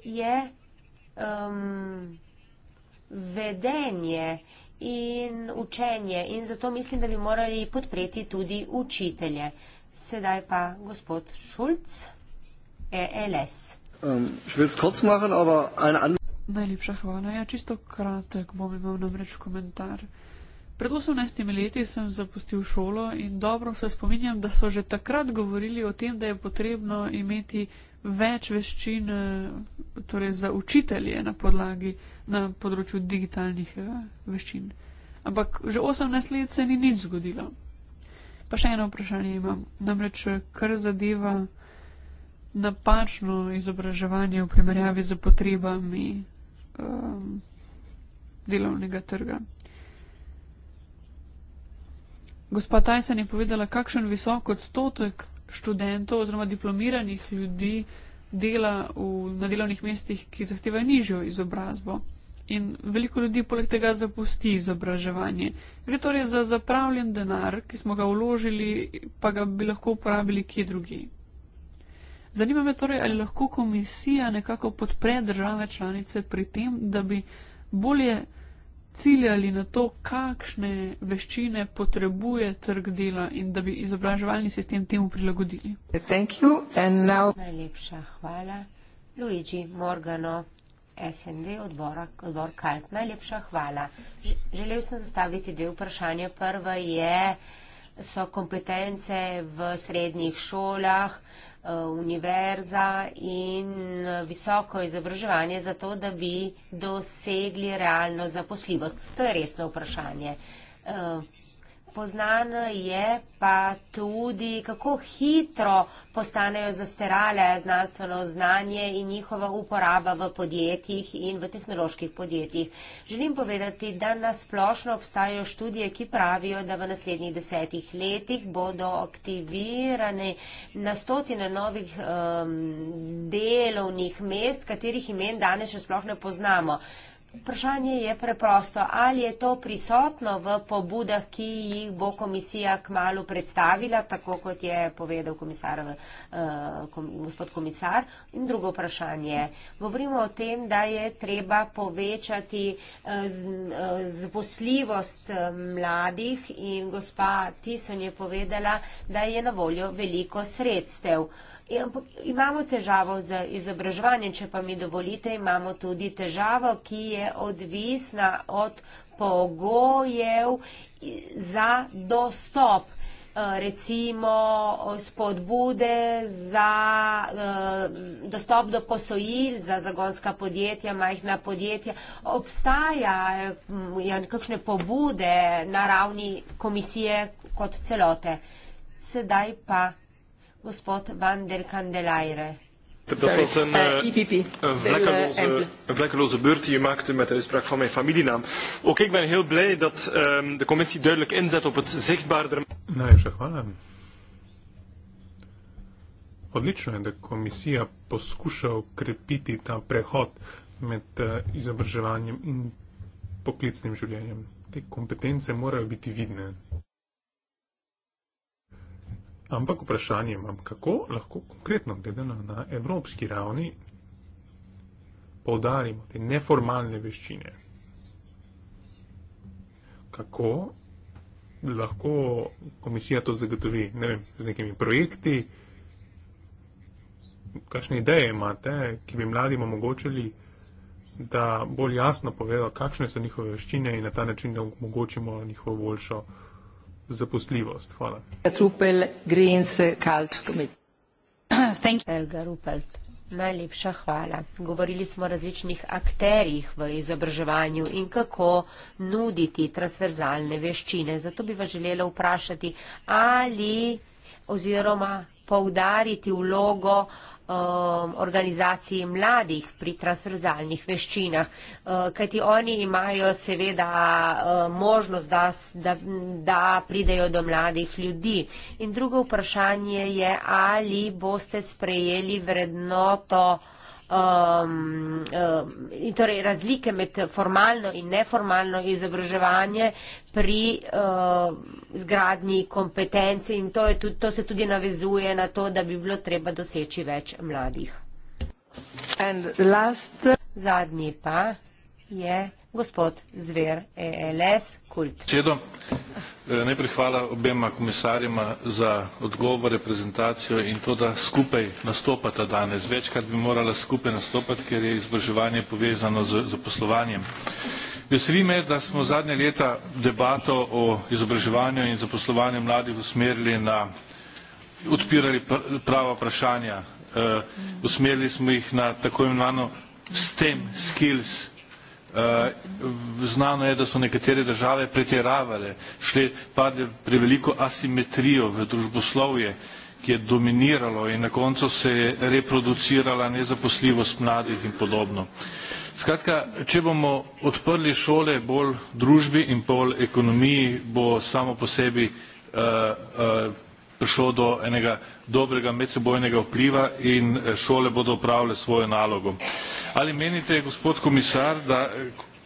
je um, vedenje in učenje in zato mislim, da bi morali podpreti tudi učitelje. Sedaj pa gospod Šulc, ELS. Ähm, um, Najlepša hvala. Ja, čisto kratek bom imel namreč komentar. Pred 18 leti sem zapustil šolo in dobro se spominjam, da so že takrat govorili o tem, da je potrebno imeti več veščin eh, torej za učitelje na podlagi na področju digitalnih eh, veščin. Ampak že 18 let se ni nič zgodilo. Pa še eno vprašanje imam. Namreč, eh, kar zadeva napačno izobraževanje v primerjavi z potrebami um, delovnega trga. Gospa Tyson je povedala, kakšen visok odstotek študentov oziroma diplomiranih ljudi dela v, na delovnih mestih, ki zahtevajo nižjo izobrazbo. In veliko ljudi poleg tega zapusti izobraževanje. Gre torej za zapravljen denar, ki smo ga vložili, pa ga bi lahko uporabili kje drugi. Zanima me torej, ali lahko komisija nekako podpre države članice pri tem, da bi bolje ciljali na to, kakšne veščine potrebuje trg dela in da bi izobraževalni sistem temu prilagodili. Now... Najlepša hvala. Luigi Morgano, SND, odbor, odbor Kalt. Najlepša hvala. Želel sem zastaviti dve vprašanja. Prva je, so kompetence v srednjih šolah, univerza in visoko izobraževanje za to, da bi dosegli realno zaposljivost. To je resno vprašanje. Eh, poznano je pa tudi, kako hitro postanejo zastarale znanstveno znanje in njihova uporaba v podjetjih in v tehnoloških podjetjih. Želim povedati, da nasplošno obstajajo študije, ki pravijo, da v naslednjih desetih letih bodo aktivirane na stotine novih um, delovnih mest, katerih imen danes še sploh ne poznamo. Vprašanje je preprosto, ali je to prisotno v pobudah, ki jih bo komisija k malu predstavila, tako kot je povedal komisar, eh, gospod komisar. In drugo vprašanje, govorimo o tem, da je treba povečati eh, zvosljivost eh, mladih in gospa Tison je povedala, da je na voljo veliko sredstev. E, ampak imamo težavo z izobraževanjem, če pa mi dovolite, imamo tudi težavo, ki je odvisna od pogojev za dostop. E, recimo spodbude za e, dostop do posojil za zagonska podjetja, majhna podjetja. Obstaja ja, kakšne pobude na ravni komisije kot celote. Sedaj pa gospod Van der Kandelaire. Dat was een uh, vlekkeloze beurt die u maakte met de uitspraak van mijn familienaam. Ook ik ben heel blij dat um, de commissie duidelijk inzet op het zichtbaarder. Nou, je zegt wel. Отлично е да комисия поскуша укрепити та преход мет изображувањем и поклицним жулјањем. Те компетенце мора бити видне. Ampak vprašanje imam, kako lahko konkretno gledano na evropski ravni povdarimo te neformalne veščine. Kako lahko komisija to zagotovi ne vem, z nekimi projekti, kakšne ideje imate, ki bi mladim omogočili, da bolj jasno povedo, kakšne so njihove veščine in na ta način omogočimo njihovo boljšo zaposljivost. Hvala. Najlepša hvala. Govorili smo o različnih akterjih v izobraževanju in kako nuditi transverzalne veščine. Zato bi vas želela vprašati, ali oziroma poudariti vlogo uh, Um, organizaciji mladih pri transverzalnih veščinah. Uh, kajti oni imajo seveda uh, možnost, da, da, da pridejo do mladih ljudi. In drugo vprašanje je, ali boste sprejeli vrednoto um, um, in torej razlike med formalno in neformalno izobraževanje pri uh, zgradnji kompetenci in to, tudi, to se tudi navezuje na to, da bi bilo treba doseči več mladih. Last... Zadnji pa je gospod Zver ELS Kult. Sedo. Eh, najprej hvala obema komisarjema za odgovore prezentacijo in to da skupaj nastopata danes večkrat bi morala skupaj nastopati ker je izobraževanje povezano z zaposlovanjem veseli me da smo zadnja leta debato o izobraževanju in zaposlovanju mladih usmerili na odpirali prava vprašanja eh, usmerili smo jih na tako imenovano stem skills Eh, znano je, da so nekatere države pretiravale, šle padle preveliko asimetrijo v družboslovje, ki je dominiralo in na koncu se je reproducirala nezaposljivost mladih in podobno. Skratka, če bomo odprli šole bolj družbi in bolj ekonomiji, bo samo po sebi uh, uh, prišlo do enega dobrega medsebojnega vpliva in eh, šole bodo opravile svojo nalogo. Ali menite, gospod komisar, da,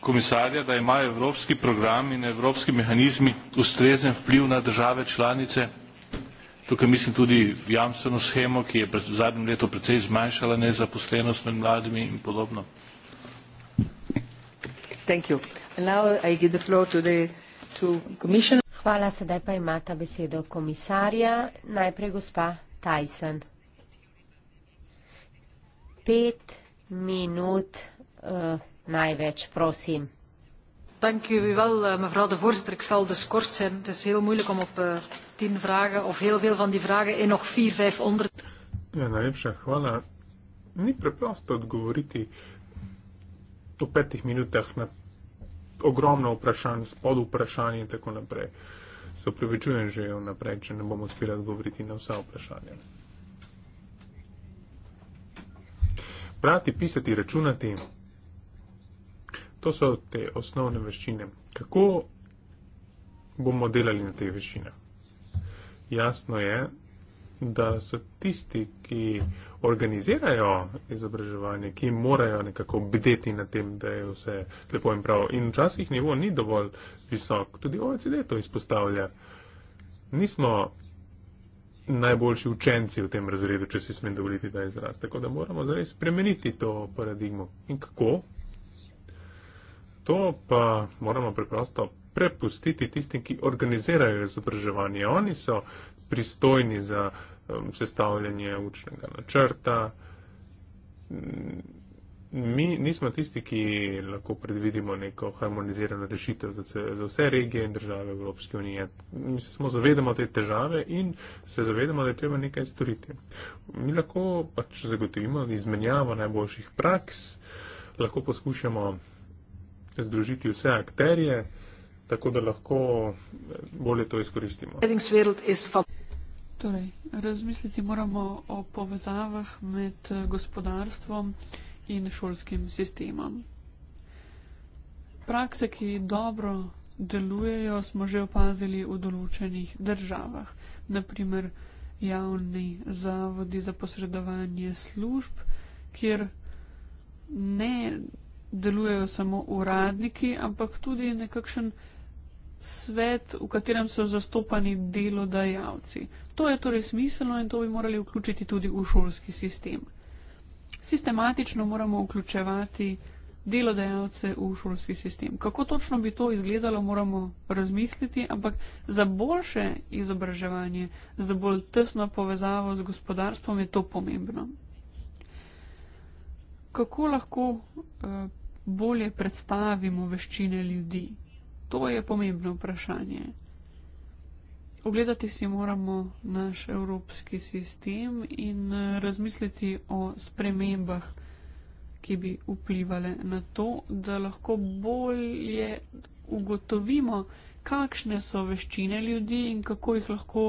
komisarja, da imajo evropski program in evropski mehanizmi ustrezen vpliv na države članice? Tukaj mislim tudi jamstveno schemo, ki je pred, v zadnjem letu precej zmanjšala nezaposlenost med mladimi in podobno. Thank you. Now I give the floor to the to Commissioner. Hvala, sedaj pa imata besedo komisarja. Najprej gospa Tyson. Pet minut uh, največ, prosim. Dank u wel, eh, mevrouw de voorzitter. Ik zal dus kort zijn. Het is heel moeilijk om op uh, tien vragen of heel veel van die vragen in nog vier, vijf onder. Ja, najlepša hvala. Ni preprosto odgovoriti po petih minutah na ogromno vprašanj, spod vprašanj in tako naprej. Se upravičujem že vnaprej, če ne bomo uspeli odgovoriti na vsa vprašanja. Brati, pisati, računati, to so te osnovne veščine. Kako bomo delali na te veščine? Jasno je, da so tisti, ki organizirajo izobraževanje, ki morajo nekako bdeti na tem, da je vse lepo in prav. In včasih nivo ni dovolj visok. Tudi OECD to izpostavlja. Nismo najboljši učenci v tem razredu, če si smem dovoliti ta izraz. Tako da moramo zares spremeniti to paradigmo. In kako? To pa moramo preprosto prepustiti tistim, ki organizirajo izobraževanje. Oni so pristojni za Um, sestavljanje učnega načrta. Mm, mi nismo tisti, ki lahko predvidimo neko harmonizirano rešitev za, ce, za vse regije in države Evropske unije. Mi se samo zavedamo te težave in se zavedamo, da je treba nekaj storiti. Mi lahko pač zagotovimo izmenjavo najboljših praks, lahko poskušamo združiti vse akterje, tako da lahko bolje to izkoristimo. Edding Svetl je svobodno. Torej, razmisliti moramo o povezavah med eh, gospodarstvom in šolskim sistemom. Prakse, ki dobro delujejo, smo že opazili v določenih državah, naprimer javni zavodi za posredovanje služb, kjer ne delujejo samo uradniki, ampak tudi nekakšen svet, v katerem so zastopani delodajalci. To je torej smiselno in to bi morali vključiti tudi v šolski sistem. Sistematično moramo vključevati delodajalce v šolski sistem. Kako točno bi to izgledalo, moramo razmisliti, ampak za boljše izobraževanje, za bolj tesno povezavo z gospodarstvom je to pomembno. Kako lahko uh, bolje predstavimo veščine ljudi? To je pomembno vprašanje. Ogledati si moramo naš evropski sistem in eh, razmisliti o spremembah, ki bi vplivali na to, da lahko bolje ugotovimo, kakšne so veščine ljudi in kako jih lahko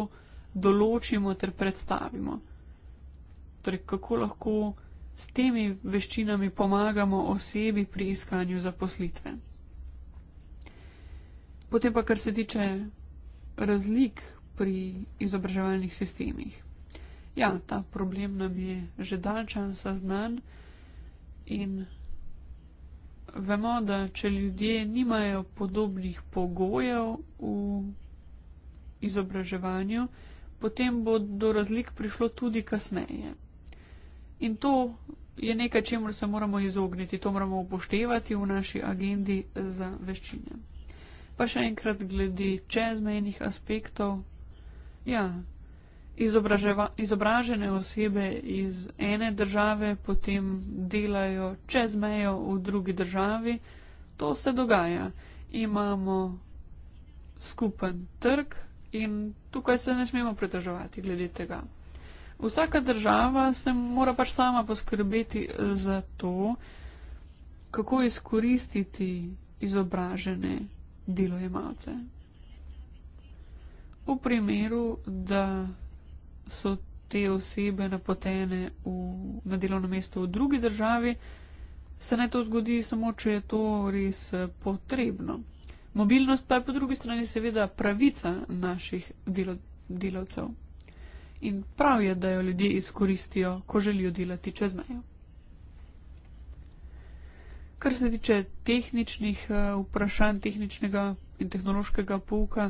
določimo ter predstavimo. Torej, kako lahko s temi veščinami pomagamo osebi pri iskanju zaposlitve. Potem pa, kar se tiče razlik pri izobraževalnih sistemih. Ja, ta problem nam je že dal časa znan in vemo, da če ljudje nimajo podobnih pogojev v izobraževanju, potem bo do razlik prišlo tudi kasneje. In to je nekaj, čemu se moramo izogniti, to moramo upoštevati v naši agendi za veščine. Pa še enkrat glede čezmejnih aspektov. Ja, izobražene osebe iz ene države potem delajo čez mejo v drugi državi. To se dogaja. Imamo skupen trg in tukaj se ne smemo pretežavati glede tega. Vsaka država se mora pač sama poskrbeti za to, kako izkoristiti izobražene osebe delojemalce. V primeru, da so te osebe napotene v, na delovno mesto v drugi državi, se naj to zgodi samo, če je to res eh, potrebno. Mobilnost pa je po drugi strani seveda pravica naših delo, delavcev. In prav je, da jo ljudje izkoristijo, ko želijo delati čez mejo. Kar se tiče tehničnih eh, vprašanj, tehničnega in tehnološkega pouka,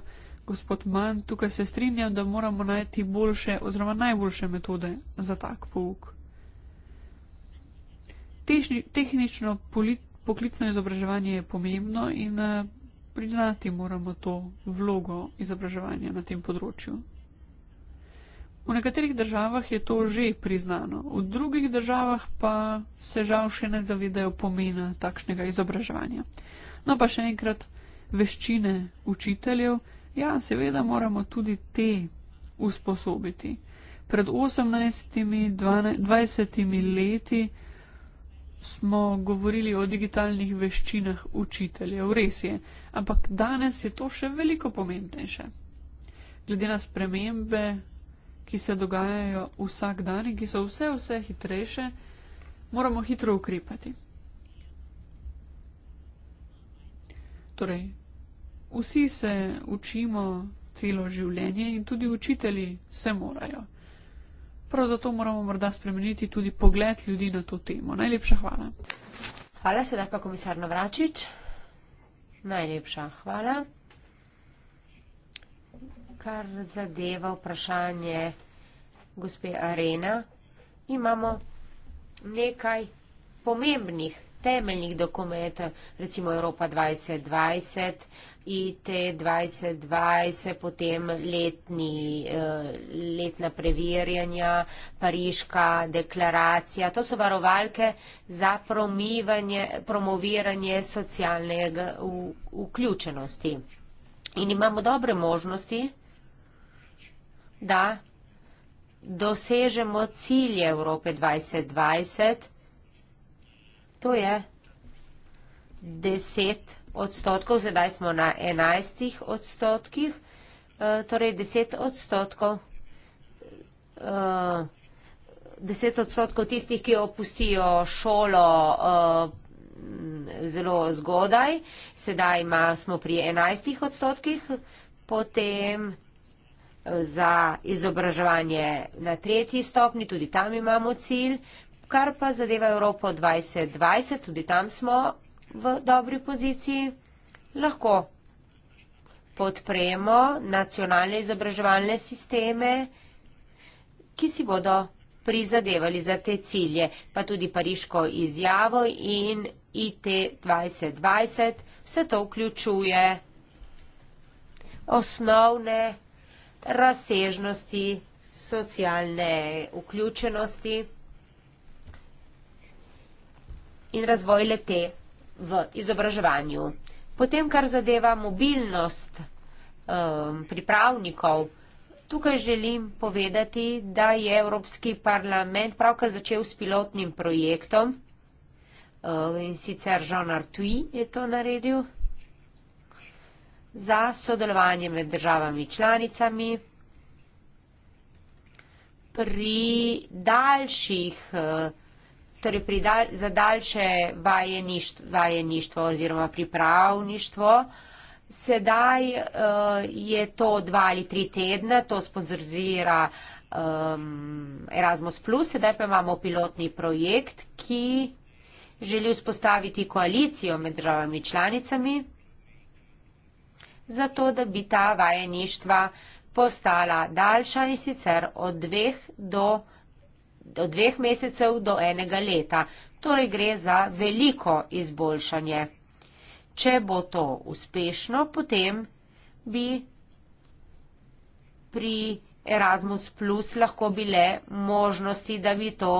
gospod Mann, tukaj se strinjam, da moramo najti boljše oziroma najboljše metode za tak pouk. Tehnično poklicno izobraževanje je pomembno in eh, priznati moramo to vlogo izobraževanja na tem področju. V nekaterih državah je to že priznano, v drugih državah pa se žal še ne zavedajo pomena takšnega izobraževanja. No pa še enkrat, veščine učiteljev, ja, seveda moramo tudi te usposobiti. Pred 18, 20 leti smo govorili o digitalnih veščinah učiteljev, res je, ampak danes je to še veliko pomembnejše. Glede na spremembe ki se dogajajo vsak dan in ki so vse, vse hitrejše, moramo hitro ukrepati. Torej, vsi se učimo celo življenje in tudi učitelji se morajo. Prav zato moramo morda spremeniti tudi pogled ljudi na to temo. Najlepša hvala. Hvala sedaj pa komisar Navračič. Najlepša hvala kar zadeva vprašanje gospe Arena, imamo nekaj pomembnih temeljnih dokumentov, recimo Evropa 2020, IT 2020, potem letni, eh, letna preverjanja, pariška deklaracija. To so varovalke za promoviranje socialne vključenosti. In imamo dobre možnosti, da dosežemo cilje Evrope 2020, to je 10 odstotkov, sedaj smo na 11 odstotkih, e, torej 10 odstotkov, 10 e, odstotkov tistih, ki opustijo šolo e, zelo zgodaj, sedaj smo pri 11 odstotkih, potem 10 odstotkov, za izobraževanje na tretji stopni, tudi tam imamo cilj. Kar pa zadeva Evropo 2020, tudi tam smo v dobri poziciji, lahko podpremo nacionalne izobraževalne sisteme, ki si bodo prizadevali za te cilje, pa tudi pariško izjavo in IT 2020. Vse to vključuje osnovne razsežnosti socialne vključenosti in razvoj lete v izobraževanju. Potem, kar zadeva mobilnost um, pripravnikov, tukaj želim povedati, da je Evropski parlament pravkar začel s pilotnim projektom um, in sicer Jean Artui je to naredil za sodelovanje med državami članicami pri daljših, eh, torej pri dal, za daljše vajeništ, vajeništvo oziroma pripravništvo. Sedaj uh, je to dva ali tri tedne, to sponzorizira um, ehm, Erasmus, sedaj pa imamo pilotni projekt, ki želi vzpostaviti koalicijo med državami članicami zato da bi ta vajeništva postala daljša in sicer od dveh, do, od dveh mesecev do enega leta. Torej gre za veliko izboljšanje. Če bo to uspešno, potem bi pri Erasmus Plus lahko bile možnosti, da bi to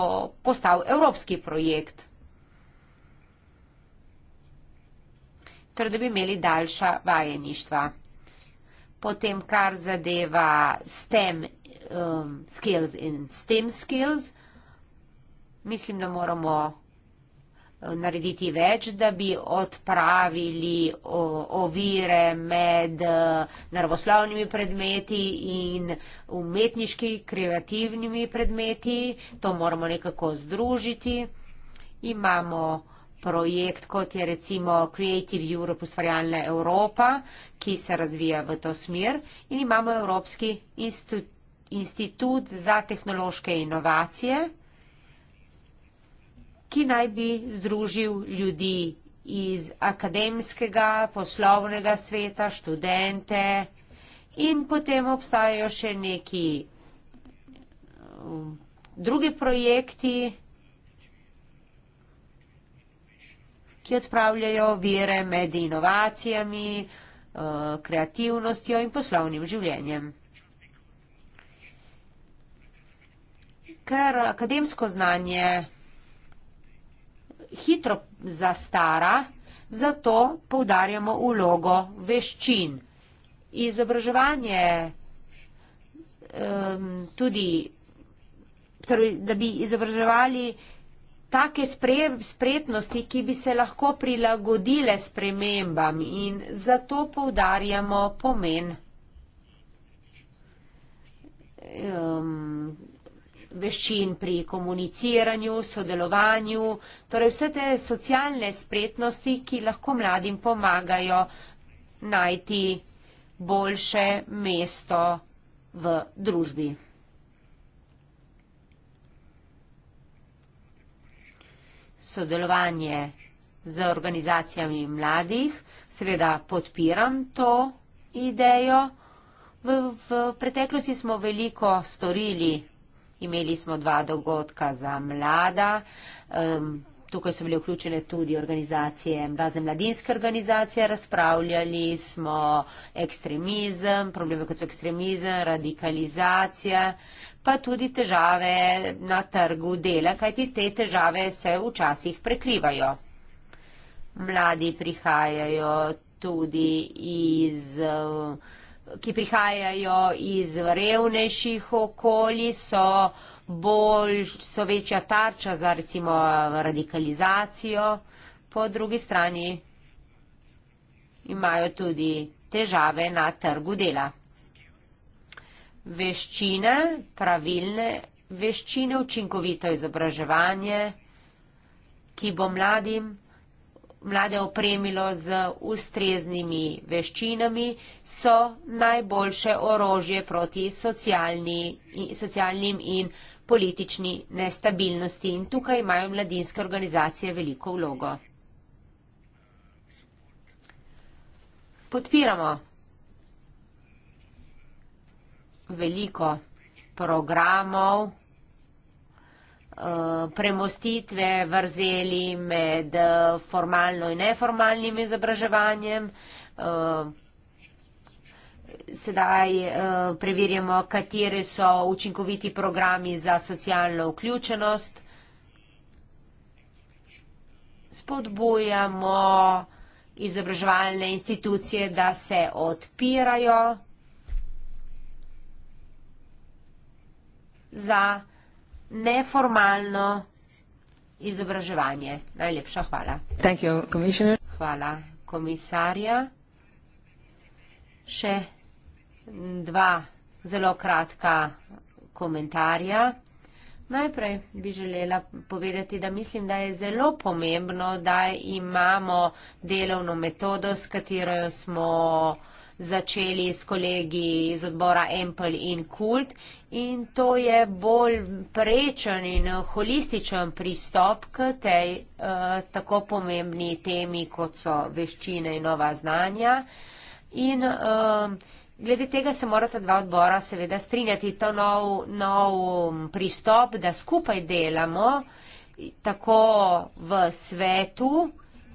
postal evropski projekt. torej da bi imeli daljša vajeništva. Potem, kar zadeva STEM um, skills in STEM skills, mislim, da moramo uh, narediti več, da bi odpravili ovire med uh, naravoslovnimi predmeti in umetniški, kreativnimi predmeti. To moramo nekako združiti. Imamo projekt, kot je recimo Creative Europe, ustvarjalna Evropa, ki se razvija v to smer in imamo Evropski institut za tehnološke inovacije, ki naj bi združil ljudi iz akademskega, poslovnega sveta, študente in potem obstajajo še neki um, drugi projekti, ki odpravljajo vire med inovacijami, eh, kreativnostjo in poslovnim življenjem. Ker akademsko znanje hitro zastara, zato poudarjamo ulogo veščin. Izobraževanje tudi, torej, da bi izobraževali take spre, spretnosti, ki bi se lahko prilagodile spremembam in zato poudarjamo pomen um, veščin pri komuniciranju, sodelovanju, torej vse te socialne spretnosti, ki lahko mladim pomagajo najti boljše mesto v družbi. sodelovanje z organizacijami mladih. Sreda podpiram to idejo. V, v preteklosti smo veliko storili. Imeli smo dva dogodka za mlada. Um, tukaj so bile vključene tudi organizacije, razne mladinske organizacije. Razpravljali smo ekstremizem, probleme kot so ekstremizem, radikalizacija. Uh, pa tudi težave na trgu dela, kajti te težave se včasih prekrivajo. Mladi prihajajo tudi iz ki prihajajo iz revnejših okolij, so, bolj, so večja tarča za recimo radikalizacijo, po drugi strani imajo tudi težave na trgu dela veščine, pravilne veščine, učinkovito izobraževanje, ki bo mladim, mlade opremilo z ustreznimi veščinami, so najboljše orožje proti socialni, socialnim in politični nestabilnosti. In tukaj imajo mladinske organizacije veliko vlogo. Podpiramo veliko programov eh, premostitve vrzeli med eh, formalno in neformalnim izobraževanjem. Eh, sedaj preverjamo, katere so učinkoviti programi za socialno vključenost. Spodbujamo izobraževalne institucije, da se odpirajo. za neformalno izobraževanje. Najlepša hvala. Thank you, commissioner. Hvala, komisarja. Še dva zelo kratka komentarja. Najprej bi želela povedati, da mislim, da je zelo pomembno, da imamo delovno metodo, s katero smo začeli s kolegi iz odbora Apple in Kult in to je bolj prečen in holističen pristop k tej eh, tako pomembni temi, kot so veščine in nova znanja. In eh, glede tega se morata dva odbora seveda strinjati. To nov, nov mm, pristop, da skupaj delamo tako v svetu,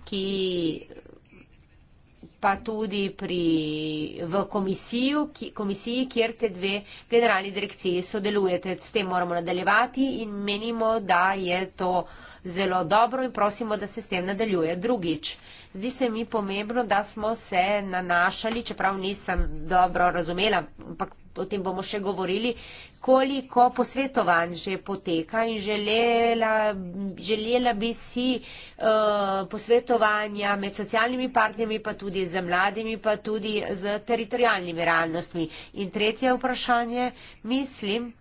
ki pa tudi pri, v komisiji, ki, komisiji, kjer te dve generalni direkciji sodelujete. S tem moramo nadaljevati in menimo, da je to zelo dobro in prosimo, da se s tem nadaljuje. Drugič, zdi se mi pomembno, da smo se nanašali, čeprav nisem dobro razumela, ampak o tem bomo še govorili, koliko posvetovanj že poteka in želela, želela bi si uh, posvetovanja med socialnimi partnerji, pa tudi z mladimi, pa tudi z teritorijalnimi realnostmi. In tretje vprašanje, mislim,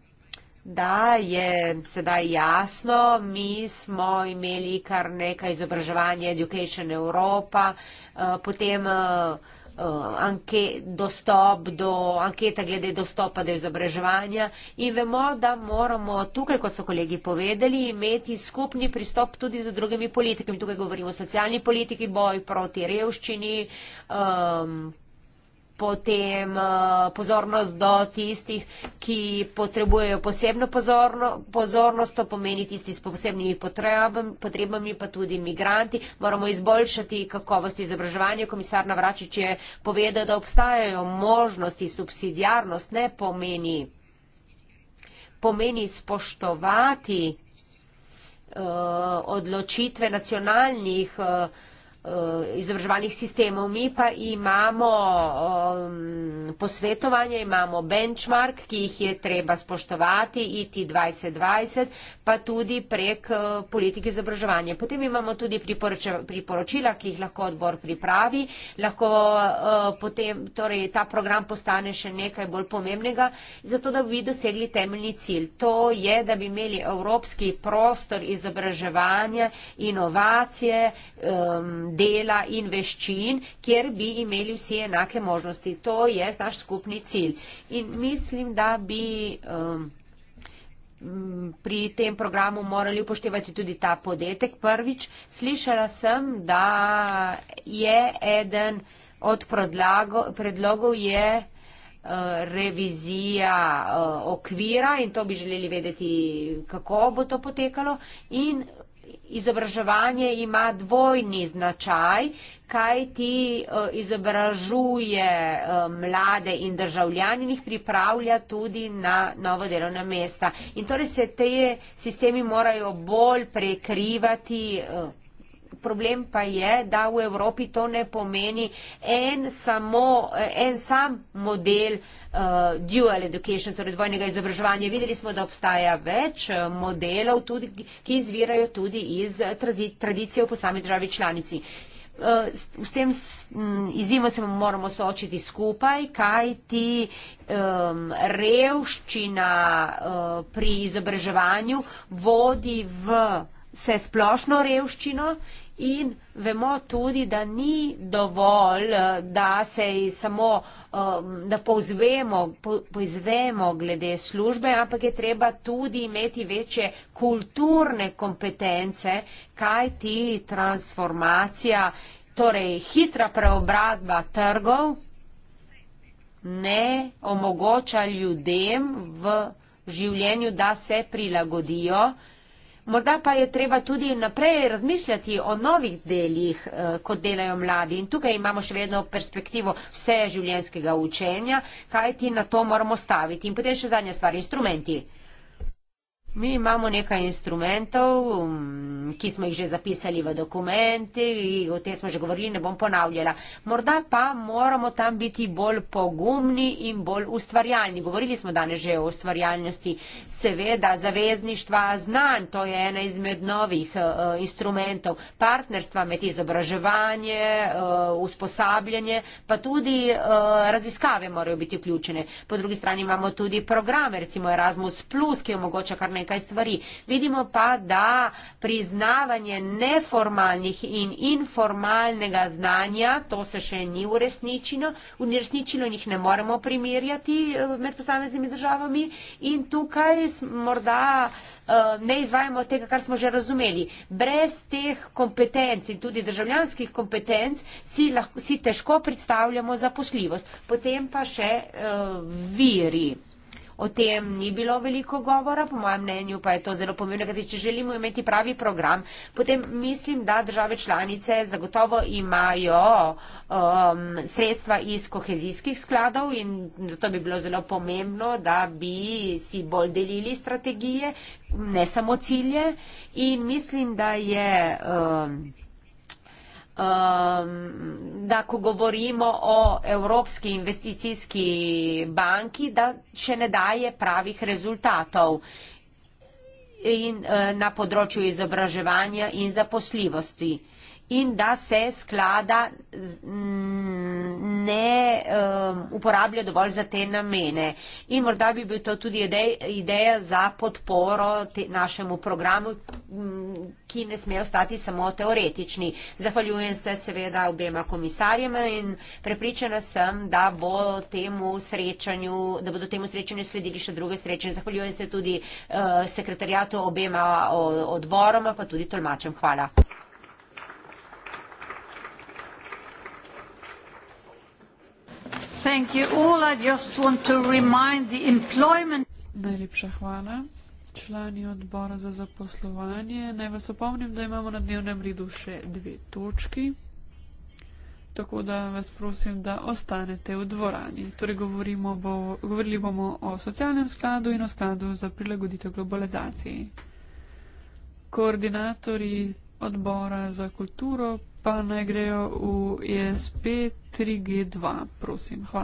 da je sedaj jasno, mi smo imeli kar nekaj izobraževanja Education Europa, uh, eh, potem uh, uh, anke, dostop do ankete glede dostopa do izobraževanja in vemo, da moramo tukaj, kot so kolegi povedali, imeti skupni pristop tudi z drugimi politikami. Tukaj govorimo o socialni politiki, boj proti revščini, um, potem eh, pozornost do tistih, ki potrebujejo posebno pozorno, pozornost, to pomeni tisti s posebnimi potrebami, potrebami, pa tudi imigranti. Moramo izboljšati kakovost izobraževanja. Komisar Navračič je povedal, da obstajajo možnosti, subsidijarnost ne pomeni, pomeni spoštovati uh, odločitve nacionalnih uh, Eh, izobraževalnih sistemov. Mi pa imamo um, posvetovanje, imamo benchmark, ki jih je treba spoštovati, IT 2020, pa tudi prek uh, eh, politike izobraževanja. Potem imamo tudi priporočila, ki jih lahko odbor pripravi. Lahko uh, potem torej, ta program postane še nekaj bolj pomembnega, zato da bi vi dosegli temeljni cilj. To je, da bi imeli evropski prostor izobraževanja, inovacije, um, dela in veščin, kjer bi imeli vsi enake možnosti. To je naš skupni cilj. In mislim, da bi um, pri tem programu morali upoštevati tudi ta podetek. Prvič, slišala sem, da je eden od predlago, predlogov je uh, revizija uh, okvira in to bi želeli vedeti, kako bo to potekalo. In Izobraževanje ima dvojni značaj, kaj ti eh, izobražuje eh, mlade in državljani in jih pripravlja tudi na novo delovna mesta. In torej se te sistemi morajo bolj prekrivati, eh, Problem pa je, da v Evropi to ne pomeni en, samo, en sam model uh, dual education, torej dvojnega izobraževanja. Videli smo, da obstaja več eh, modelov, tudi, ki izvirajo tudi iz eh, tradicije v posamezni državi članici. S tem izzivom se moramo soočiti skupaj, kaj ti um, revščina uh, pri izobraževanju vodi v uh, se splošno revščino in vemo tudi, da ni dovolj, eh, da se samo, eh, da povzvemo, povzvemo glede službe, ampak je treba tudi imeti večje kulturne kompetence, kaj ti transformacija, torej hitra preobrazba trgov ne omogoča ljudem v življenju, da se prilagodijo, Morda pa je treba tudi naprej razmišljati o novih delih, eh, kot delajo mladi. In tukaj imamo še vedno perspektivo vseživljenjskega učenja, kaj ti na to moramo staviti. In potem še zadnja stvar, instrumenti. Mi imamo nekaj instrumentov, um, ki smo jih že zapisali v dokumenti, o tem smo že govorili, ne bom ponavljala. Morda pa moramo tam biti bolj pogumni in bolj ustvarjalni. Govorili smo danes že o ustvarjalnosti, seveda zavezništva znanj, to je ena izmed novih uh, instrumentov partnerstva med izobraževanje, uh, usposabljanje, pa tudi uh, raziskave morajo biti vključene. Po drugi strani imamo tudi programe, recimo Erasmus, ki omogoča kar nekaj nekaj stvari. Vidimo pa, da priznavanje neformalnih in informalnega znanja, to se še ni uresničilo, uresničilo jih ne moremo primerjati eh, med posameznimi državami in tukaj morda eh, ne izvajamo tega, kar smo že razumeli. Brez teh kompetenc in tudi državljanskih kompetenc si, lahko, si težko predstavljamo zaposljivost. Potem pa še uh, viri. O tem ni bilo veliko govora, po mojem mnenju pa je to zelo pomembno, ker če želimo imeti pravi program, potem mislim, da države članice zagotovo imajo um, sredstva iz kohezijskih skladov in zato bi bilo zelo pomembno, da bi si bolj delili strategije, ne samo cilje. In mislim, da je. Um, um, da ko govorimo o Evropski investicijski banki, da še ne daje pravih rezultatov in, uh, na področju izobraževanja in zaposljivosti. Uh, in da se sklada ne um, uporablja dovolj za te namene. In morda bi bil to tudi idej, ideja za podporo te, našemu programu, ki ne sme ostati samo teoretični. Zahvaljujem se seveda obema komisarjema in prepričana sem, da, bo temu srečanju, da bodo temu srečanju sledili še druge srečanje. Zahvaljujem se tudi uh, sekretarjatu obema odboroma, pa tudi tolmačem. Hvala. Thank you all. I just want to remind the employment. Najlepša hvala. Člani odbora za zaposlovanje, naj vas opomnim, da imamo na dnevnem redu še dve točki. Tako da vas prosim, da ostanete v dvorani. Torej bo, govorili bomo o socialnem skladu in o skladu za prilagoditev globalizaciji. Koordinatori odbora za kulturo pa naj grejo v ISP e 3G2, prosim. Hvala.